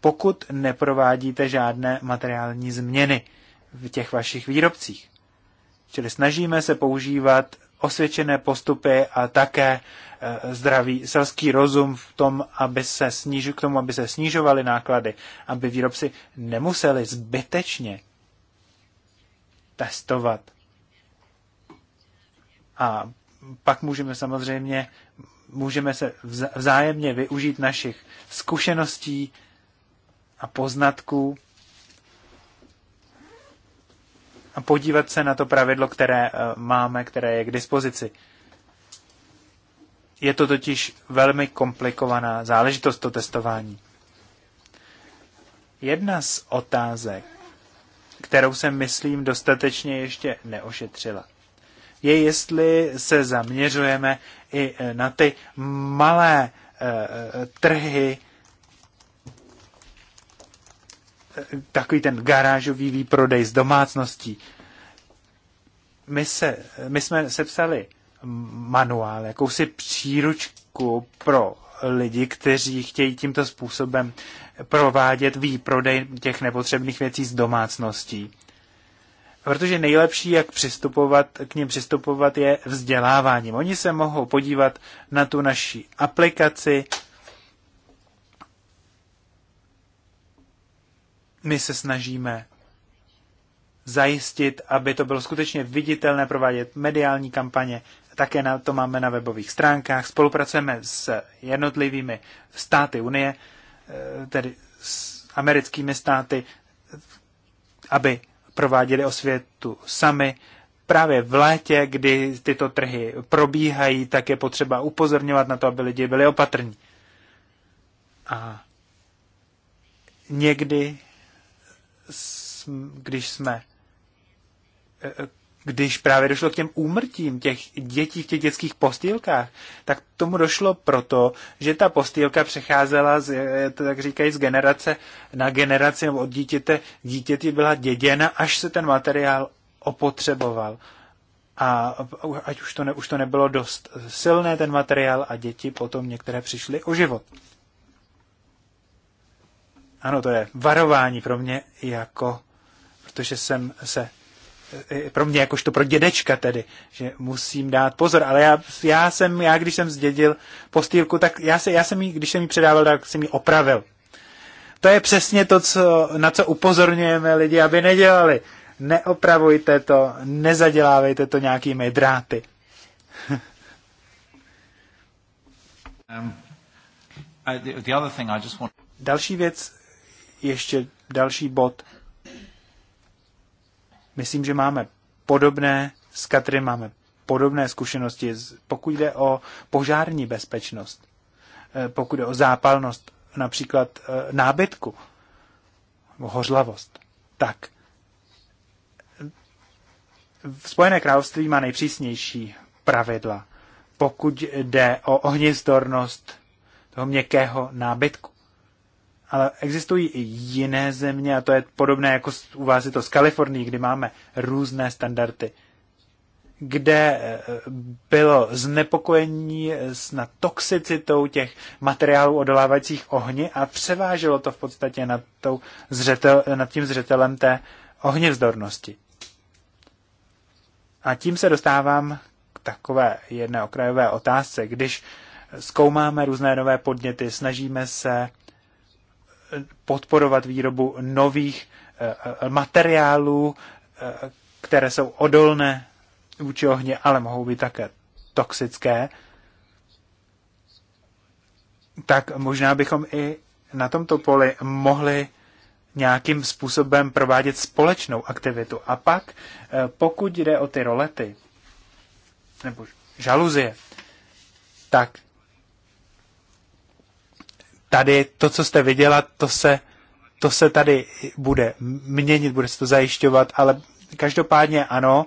pokud neprovádíte žádné materiální změny v těch vašich výrobcích. Čili snažíme se používat osvědčené postupy a také e, zdravý selský rozum v tom, aby se sníž, k tomu, aby se snižovaly náklady, aby výrobci nemuseli zbytečně testovat. A pak můžeme samozřejmě můžeme se vzájemně využít našich zkušeností a poznatků a podívat se na to pravidlo, které eh, máme, které je k dispozici. Je to totiž velmi komplikovaná záležitost to testování. Jedna z otázek, kterou se myslím, dostatečně ještě neošetřila, je, jestli se zaměřujeme i eh, na ty malé eh, trhy, takový ten garážový výprodej z domácností. My, se, my jsme sepsali manuál, jakousi příručku pro lidi, kteří chtějí tímto způsobem provádět výprodej těch nepotřebných věcí z domácností. Protože nejlepší, jak přistupovat, k ním přistupovat, je vzděláváním. Oni se mohou podívat na tu naši aplikaci, my se snažíme zajistit, aby to bylo skutečně viditelné, provádět mediální kampaně, také na to máme na webových stránkách, spolupracujeme s jednotlivými státy Unie, eh, tedy s americkými státy, aby prováděli osvětu sami. Právě v létě, kdy tyto trhy probíhají, tak je potřeba upozorňovat na to, aby lidi byli opatrní. A někdy když jsme e, e, když právě došlo k těm úmrtím těch dětí v těch dětských postýlkách, tak tomu došlo proto, že ta postýlka přecházela, z, e, tak říkají, z generace na generaci, nebo od dítěte, dítěti byla děděna, až se ten materiál opotřeboval. A ať už to, ne, už to nebylo dost silné, ten materiál, a děti potom některé přišly o život. Ano, to je varování pro mě jako, protože jsem se e, e, pro mě jakožto pro dědečka tedy, že musím dát pozor, ale já, já jsem, já když jsem zdědil postýlku, tak já, se, já jsem ji, když jsem ji předával, tak jsem ji opravil. To je přesně to, co, na co upozorňujeme lidi, aby nedělali. Neopravujte to, nezadělávejte to nějakými dráty. [LAUGHS] Um, Další věc, ještě další bod. Myslím, že máme podobné, s Katry máme podobné zkušenosti, pokud jde o požární bezpečnost, eh, pokud jde o zápalnost například eh, nábytku, hořlavost. Tak, v Spojené království má nejpřísnější pravidla, pokud jde o ohnězdornost toho měkkého nábytku. Ale existují i jiné země a to je podobné jako u vás je to z Kalifornii, kdy máme různé standardy. Kde eh, bylo znepokojení eh, s toxicitou těch materiálů odolávajících ohni a převáželo to v podstatě nad, tou zřetel, nad tím zřetelem té ohnivzdornosti. A tím se dostávám k takové jedné okrajové otázce. Když zkoumáme různé nové podněty, snažíme se podporovat výrobu nových eh, eh, materiálů, eh, které jsou odolné vůči ohně, ale mohou být také toxické, tak možná bychom i na tomto poli mohli nějakým způsobem provádět společnou aktivitu. A pak, pokud jde o ty rolety, nebo žaluzie, tak tady to, co jste viděla, to se, to se tady bude měnit, bude se to zajišťovat, ale každopádně ano,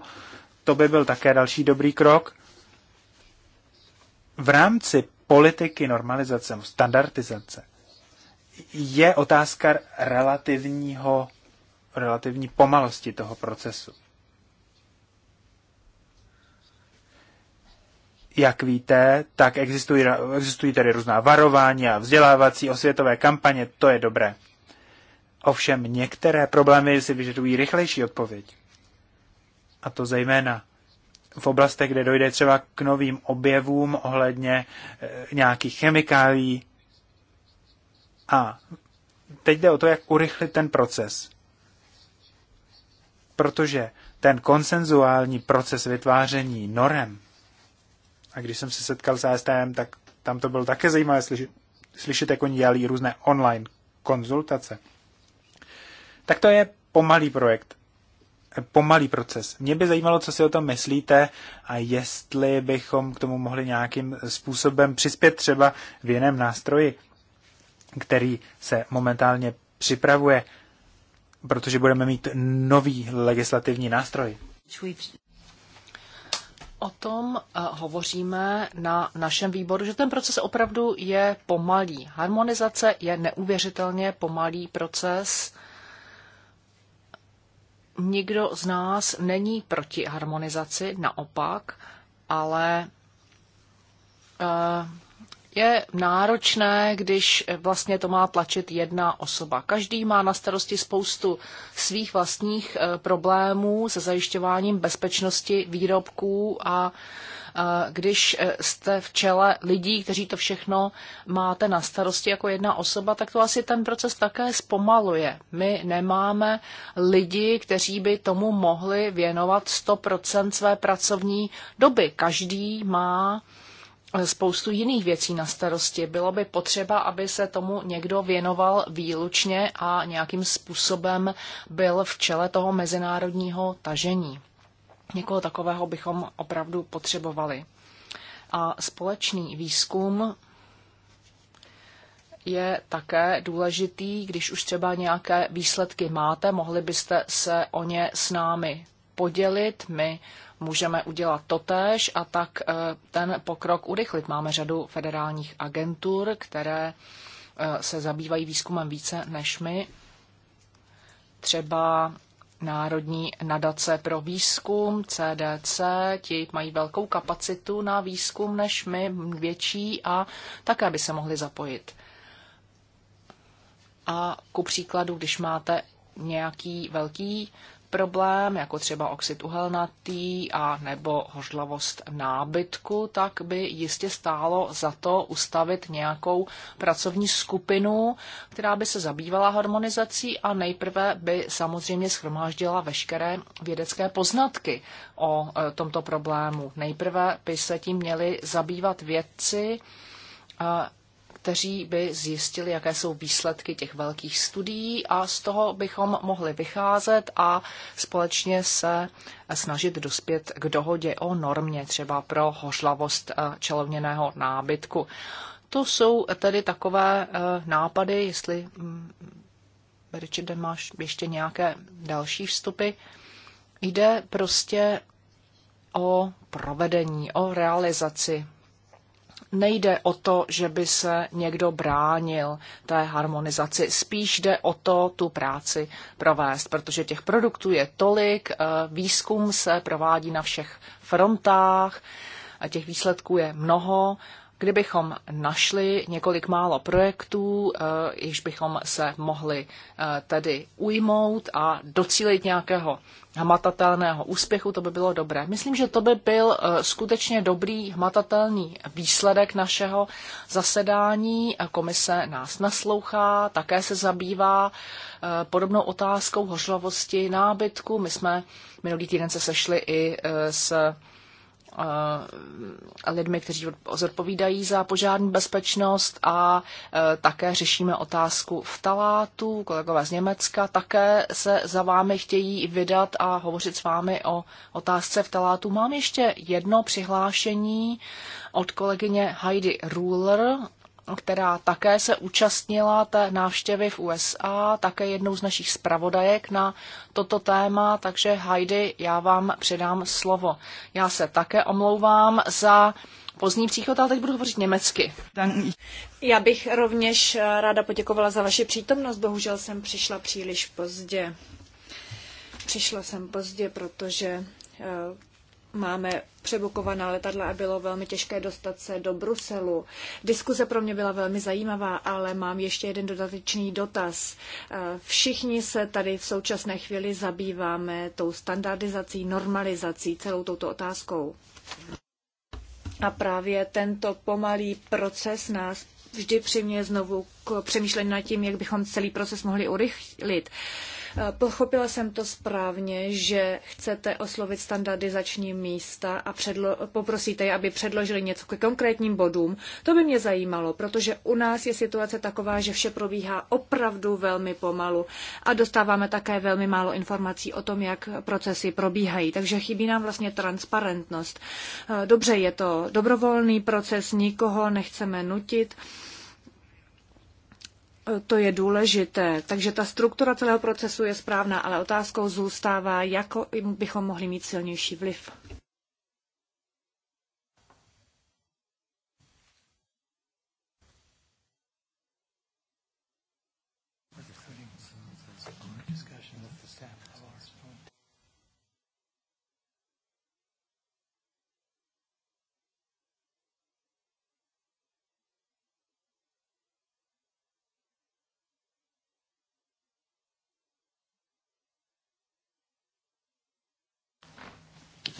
to by byl také další dobrý krok. V rámci politiky normalizace, standardizace, je otázka relativního, relativní pomalosti toho procesu. jak víte, tak existují, existují tady různá varování a vzdělávací osvětové kampaně, to je dobré. Ovšem některé problémy si vyžadují rychlejší odpověď. A to zejména v oblastech, kde dojde třeba k novým objevům ohledně e, nějakých chemikálií. A teď jde o to, jak urychlit ten proces. Protože ten konsenzuální proces vytváření norem a když jsem se setkal s STM, tak tam to bylo také zajímavé slyšet, slyšet jak oni dělali různé online konzultace. Tak to je pomalý projekt, eh, pomalý proces. Mě by zajímalo, co si o tom myslíte a jestli bychom k tomu mohli nějakým způsobem přispět třeba v jiném nástroji, který se momentálně připravuje, protože budeme mít nový legislativní nástroj o tom eh, hovoříme na našem výboru, že ten proces opravdu je pomalý. Harmonizace je neuvěřitelně pomalý proces. Nikdo z nás není proti harmonizaci, naopak, ale eh, je náročné, když vlastně to má tlačit jedna osoba. Každý má na starosti spoustu svých vlastních eh, problémů se zajišťováním bezpečnosti výrobků a eh, když eh, jste v čele lidí, kteří to všechno máte na starosti jako jedna osoba, tak to asi ten proces také zpomaluje. My nemáme lidi, kteří by tomu mohli věnovat 100% své pracovní doby. Každý má spoustu jiných věcí na starosti. Bylo by potřeba, aby se tomu někdo věnoval výlučně a nějakým způsobem byl v čele toho mezinárodního tažení. Někoho takového bychom opravdu potřebovali. A společný výzkum je také důležitý, když už třeba nějaké výsledky máte, mohli byste se o ně s námi podělit. My můžeme udělat totéž a tak eh, ten pokrok urychlit. Máme řadu federálních agentur, které eh, se zabývají výzkumem více než my. Třeba Národní nadace pro výzkum, CDC, ti mají velkou kapacitu na výzkum než my, větší a také by se mohli zapojit. A ku příkladu, když máte nějaký velký problém, jako třeba oxid uhelnatý a nebo hořlavost nábytku, tak by jistě stálo za to ustavit nějakou pracovní skupinu, která by se zabývala harmonizací a nejprve by samozřejmě schromáždila veškeré vědecké poznatky o e, tomto problému. Nejprve by se tím měli zabývat vědci, e, kteří by zjistili, jaké jsou výsledky těch velkých studií a z toho bychom mohli vycházet a společně se snažit dospět k dohodě o normě, třeba pro hořlavost eh, čelovněného nábytku. To jsou tedy takové eh, nápady, jestli mm, Richard, máš ještě nějaké další vstupy. Jde prostě o provedení, o realizaci nejde o to, že by se někdo bránil té harmonizaci. Spíš jde o to tu práci provést, protože těch produktů je tolik, eh, výzkum se provádí na všech frontách, a těch výsledků je mnoho kdybychom našli několik málo projektů, eh, již bychom se mohli eh, tedy ujmout a docílit nějakého hmatatelného úspěchu, to by bylo dobré. Myslím, že to by byl eh, skutečně dobrý hmatatelný výsledek našeho zasedání. Komise nás naslouchá, také se zabývá podobnou otázkou hořlavosti nábytku. My jsme minulý týden se sešli i s lidmi, kteří zodpovídají za požární bezpečnost a e, také řešíme otázku v talátu. Kolegové z Německa také se za vámi chtějí vydat a hovořit s vámi o otázce v talátu. Mám ještě jedno přihlášení od kolegyně Heidi Ruler která také se účastnila té návštěvy v USA, také jednou z našich zpravodajek na toto téma, takže Heidi, já vám předám slovo. Já se také omlouvám za pozdní příchod, ale teď budu hovořit německy. Já bych rovněž ráda poděkovala za vaši přítomnost, bohužel jsem přišla příliš pozdě. Přišla jsem pozdě, protože eh, máme přebukovaná letadla a bylo velmi těžké dostat se do Bruselu. Diskuze pro mě byla velmi zajímavá, ale mám ještě jeden dodatečný dotaz. Eh, všichni se tady v současné chvíli zabýváme tou standardizací, normalizací, celou touto otázkou. A právě tento pomalý proces nás vždy přiměje znovu k přemýšlení nad tím, jak bychom celý proces mohli urychlit. Pochopila jsem to správně, že chcete oslovit standardizační místa a předlo- poprosíte je, aby předložili něco ke konkrétním bodům. To by mě zajímalo, protože u nás je situace taková, že vše probíhá opravdu velmi pomalu a dostáváme také velmi málo informací o tom, jak procesy probíhají. Takže chybí nám vlastně transparentnost. Dobře, je to dobrovolný proces, nikoho nechceme nutit to je důležité. Takže ta struktura celého procesu je správná, ale otázkou zůstává, jak bychom mohli mít silnější vliv.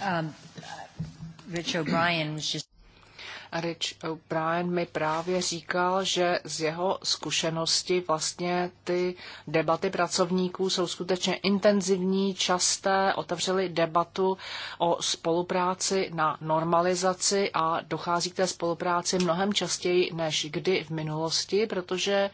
Um, uh, Rich O'Brien Rich O'Brien mi právě říkal, že z jeho zkušenosti vlastně ty debaty pracovníků jsou skutečně intenzivní, časté, otevřeli debatu o spolupráci na normalizaci a dochází k té spolupráci mnohem častěji než kdy v minulosti, protože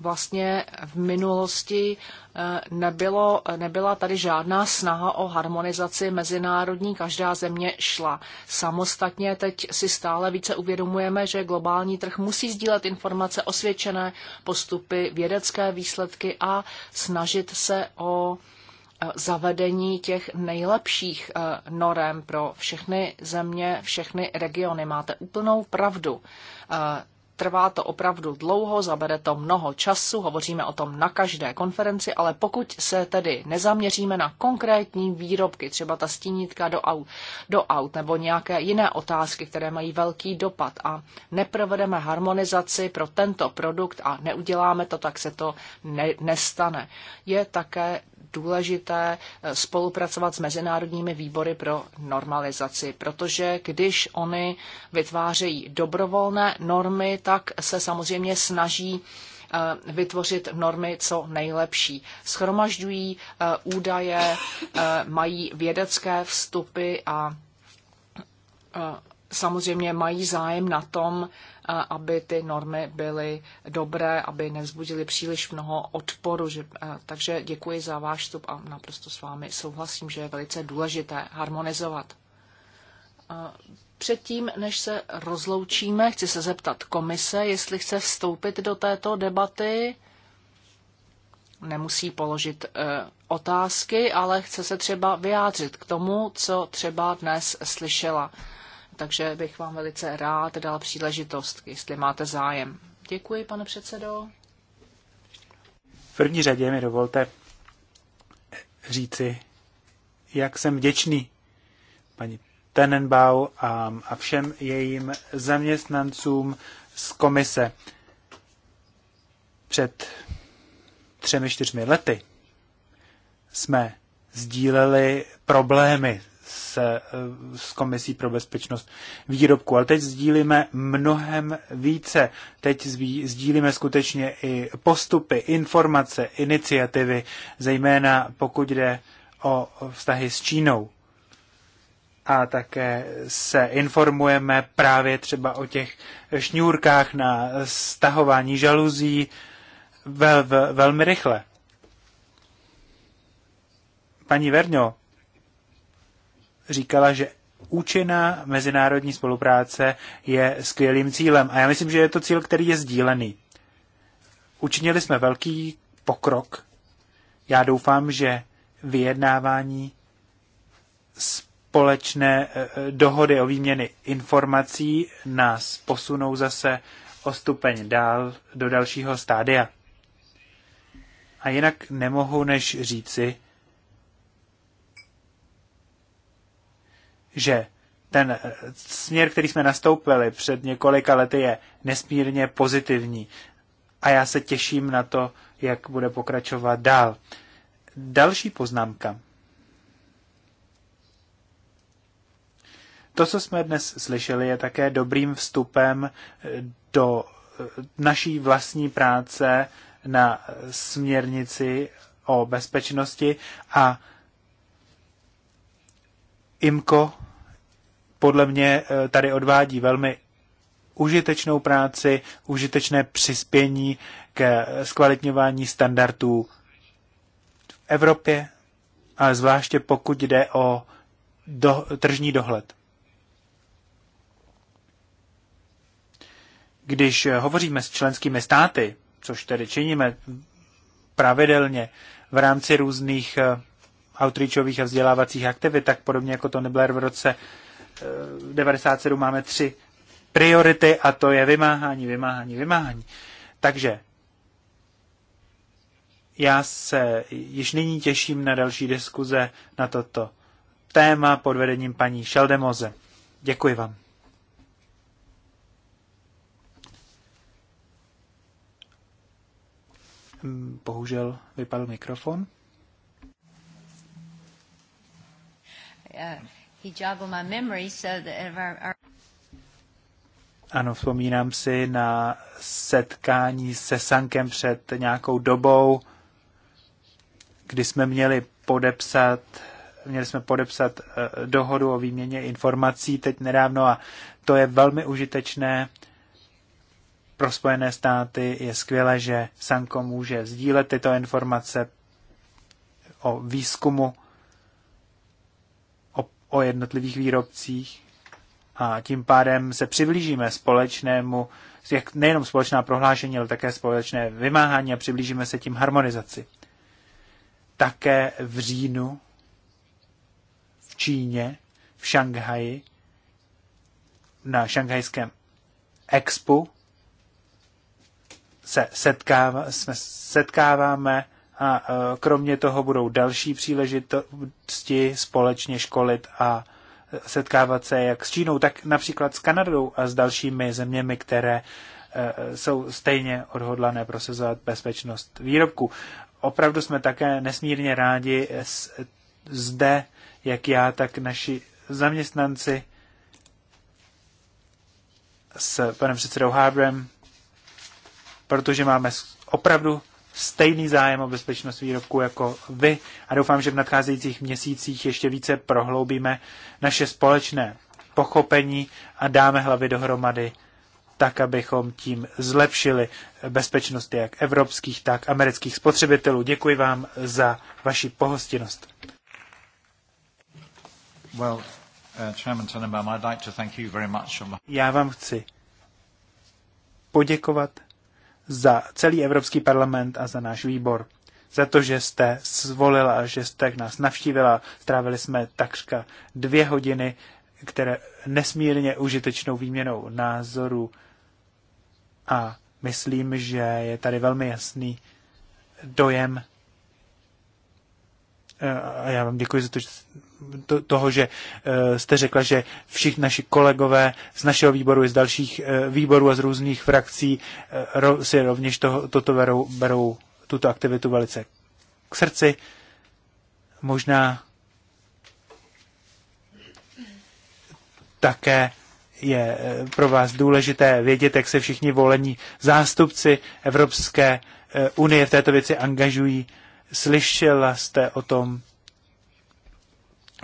vlastně v minulosti eh, nebylo, nebyla tady žádná snaha o harmonizaci mezinárodní. Každá země šla samostatně. Teď si stále více uvědomujeme, že globální trh musí sdílet informace, osvědčené postupy, vědecké výsledky a snažit se o eh, zavedení těch nejlepších eh, norem pro všechny země, všechny regiony. Máte úplnou pravdu trvá to opravdu dlouho, zabere to mnoho času, hovoříme o tom na každé konferenci, ale pokud se tedy nezaměříme na konkrétní výrobky, třeba ta stínitka do aut, do aut nebo nějaké jiné otázky, které mají velký dopad a neprovedeme harmonizaci pro tento produkt a neuděláme to, tak se to ne, nestane. Je také důležité eh, spolupracovat s mezinárodními výbory pro normalizaci, protože když oni vytvářejí dobrovolné normy, tak se samozřejmě snaží eh, vytvořit normy co nejlepší. Schromažďují eh, údaje, mají vědecké vstupy a samozřejmě mají zájem na tom, aby ty normy byly dobré, aby nevzbudily příliš mnoho odporu. Že, takže děkuji za váš vstup a naprosto s vámi souhlasím, že je velice důležité harmonizovat. Předtím, než se rozloučíme, chci se zeptat komise, jestli chce vstoupit do této debaty. Nemusí položit e, otázky, ale chce se třeba vyjádřit k tomu, co třeba dnes slyšela takže bych vám velice rád dal příležitost, jestli máte zájem. Děkuji, pane předsedo. V první řadě mi dovolte říci, jak jsem vděčný paní Tenenbau a, a všem jejím zaměstnancům z komise. Před třemi, čtyřmi lety jsme sdíleli problémy s, eh, s Komisí pro bezpečnost výrobku. Ale teď sdílíme mnohem více. Teď sdílíme skutečně i postupy, informace, iniciativy, zejména pokud jde o vztahy s Čínou. A také se informujeme právě třeba o těch šňůrkách na stahování žaluzí vel, vel, velmi rychle. Paní Verňo, říkala, že účinná mezinárodní spolupráce je skvělým cílem. A já myslím, že je to cíl, který je sdílený. Učinili jsme velký pokrok. Já doufám, že vyjednávání společné eh, dohody o výměny informací nás posunou zase o stupeň dál do dalšího stádia. A jinak nemohu než říci, že ten směr, který jsme nastoupili před několika lety, je nesmírně pozitivní. A já se těším na to, jak bude pokračovat dál. Další poznámka. To, co jsme dnes slyšeli, je také dobrým vstupem do naší vlastní práce na směrnici o bezpečnosti a IMCO podle mě eh, tady odvádí velmi užitečnou práci, užitečné přispění ke zkvalitňování standardů v Evropě, ale zvláště pokud jde o do, tržní dohled. Když eh, hovoříme s členskými státy, což tedy činíme pravidelně v rámci různých eh, outreachových a vzdělávacích aktivit, tak podobně jako to nebylo v roce 97 máme tři priority a to je vymáhání, vymáhání, vymáhání. Takže já se již nyní těším na další diskuze na toto téma pod vedením paní Šeldemoze. Děkuji vám. Bohužel vypadl mikrofon. Ano, vzpomínám si na setkání se Sankem před nějakou dobou, kdy jsme měli podepsat měli jsme podepsat eh, dohodu o výměně informací teď nedávno a to je velmi užitečné pro Spojené státy. Je skvělé, že Sanko může sdílet tyto informace o výzkumu o jednotlivých výrobcích a tím pádem se přiblížíme společnému, jak nejenom společná prohlášení, ale také společné vymáhání a přiblížíme se tím harmonizaci. Také v říjnu v Číně, v Šanghaji, na šanghajském expu se setkává, jsme setkáváme a e, kromě toho budou další příležitosti společně školit a setkávat se jak s Čínou, tak například s Kanadou a s dalšími zeměmi, které e, jsou stejně odhodlané prosazovat bezpečnost výrobku. Opravdu jsme také nesmírně rádi zde, jak já, tak naši zaměstnanci s panem předsedou Hábrem, protože máme opravdu stejný zájem o bezpečnost výrobku jako vy a doufám, že v nadcházejících měsících ještě více prohloubíme naše společné pochopení a dáme hlavy dohromady tak, abychom tím zlepšili bezpečnost jak evropských, tak amerických spotřebitelů. Děkuji vám za vaši pohostinnost. Well, uh, Chairman Tenenbaum, I'd like to thank you very much. Já vám chci poděkovat za celý Evropský parlament a za náš výbor. Za to, že jste zvolila, že jste nás navštívila. Strávili jsme takřka dvě hodiny, které nesmírně užitečnou výměnou názorů. A myslím, že je tady velmi jasný dojem. E, a já vám děkuji za to, že toho, že eh, jste řekla, že všichni naši kolegové z našeho výboru i z dalších eh, výborů a z různých frakcí eh, si rovněž to, toto berou, berou tuto aktivitu velice k srdci. Možná také je pro vás důležité vědět, jak se všichni volení zástupci Evropské unie v této věci angažují. Slyšela jste o tom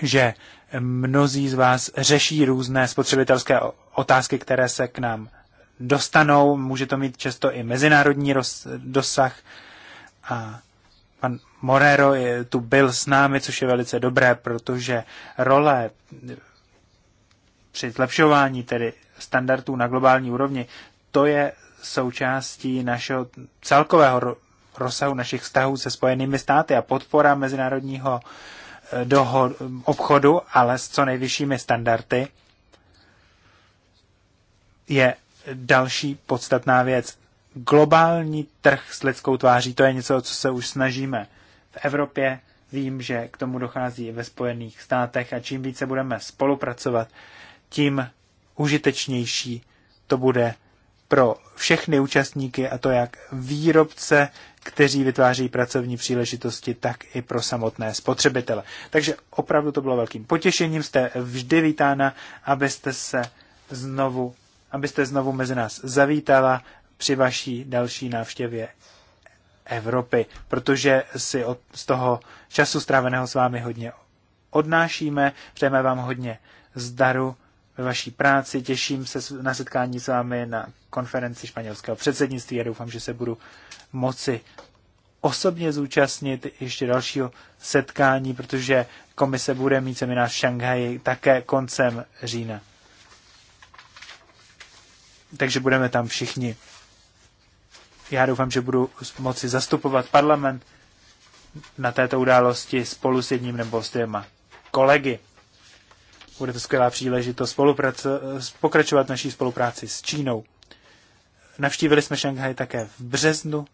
že mnozí z vás řeší různé spotřebitelské otázky, které se k nám dostanou. Může to mít často i mezinárodní roz, dosah. A pan Morero je, tu byl s námi, což je velice dobré, protože role při zlepšování tedy standardů na globální úrovni, to je součástí našeho celkového rozsahu našich vztahů se Spojenými státy a podpora mezinárodního uh, do obchodu, ale s co nejvyššími standardy, je další podstatná věc. Globální trh s lidskou tváří, to je něco, co se už snažíme v Evropě. Vím, že k tomu dochází i ve Spojených státech a čím více budeme spolupracovat, tím užitečnější to bude pro všechny účastníky, a to jak výrobce, kteří vytváří pracovní příležitosti, tak i pro samotné spotřebitele. Takže opravdu to bylo velkým potěšením, jste vždy vítána, abyste se znovu, abyste znovu mezi nás zavítala při vaší další návštěvě Evropy, protože si od, z toho času stráveného s vámi hodně odnášíme, přejeme vám hodně zdaru ve vaší práci. Těším se na setkání s vámi na konferenci španělského předsednictví a doufám, že se budu moci osobně zúčastnit ještě dalšího setkání, protože komise bude mít seminář v Šanghaji také koncem října. Takže budeme tam všichni. Já doufám, že budu moci zastupovat parlament na této události spolu s jedním nebo s dvěma kolegy. Bude to skvělá příležitost pokračovat naší spolupráci s Čínou. Navštívili jsme Šanghaj také v březnu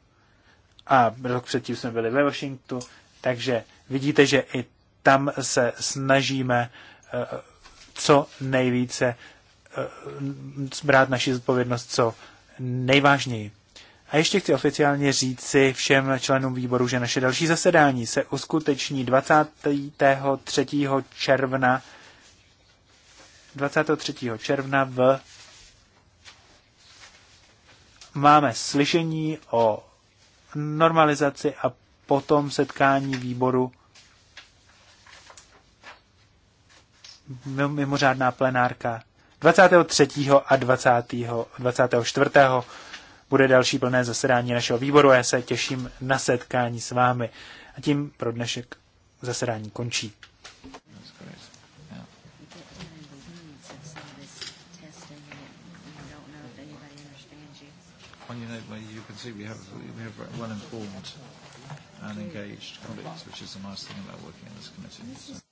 a rok předtím jsme byli ve Washingtonu, takže vidíte, že i tam se snažíme eh, co nejvíce eh, brát naši zodpovědnost co nejvážněji. A ještě chci oficiálně říci všem členům výboru, že naše další zasedání se uskuteční 23. června 23. června v máme slyšení o normalizaci a potom setkání výboru mimořádná plenárka 23. a 20. 24. bude další plné zasedání našeho výboru a já se těším na setkání s vámi. A tím pro dnešek zasedání končí. you know, you can see we have, we have well-informed and engaged colleagues, which is the nice thing about working in this committee. So.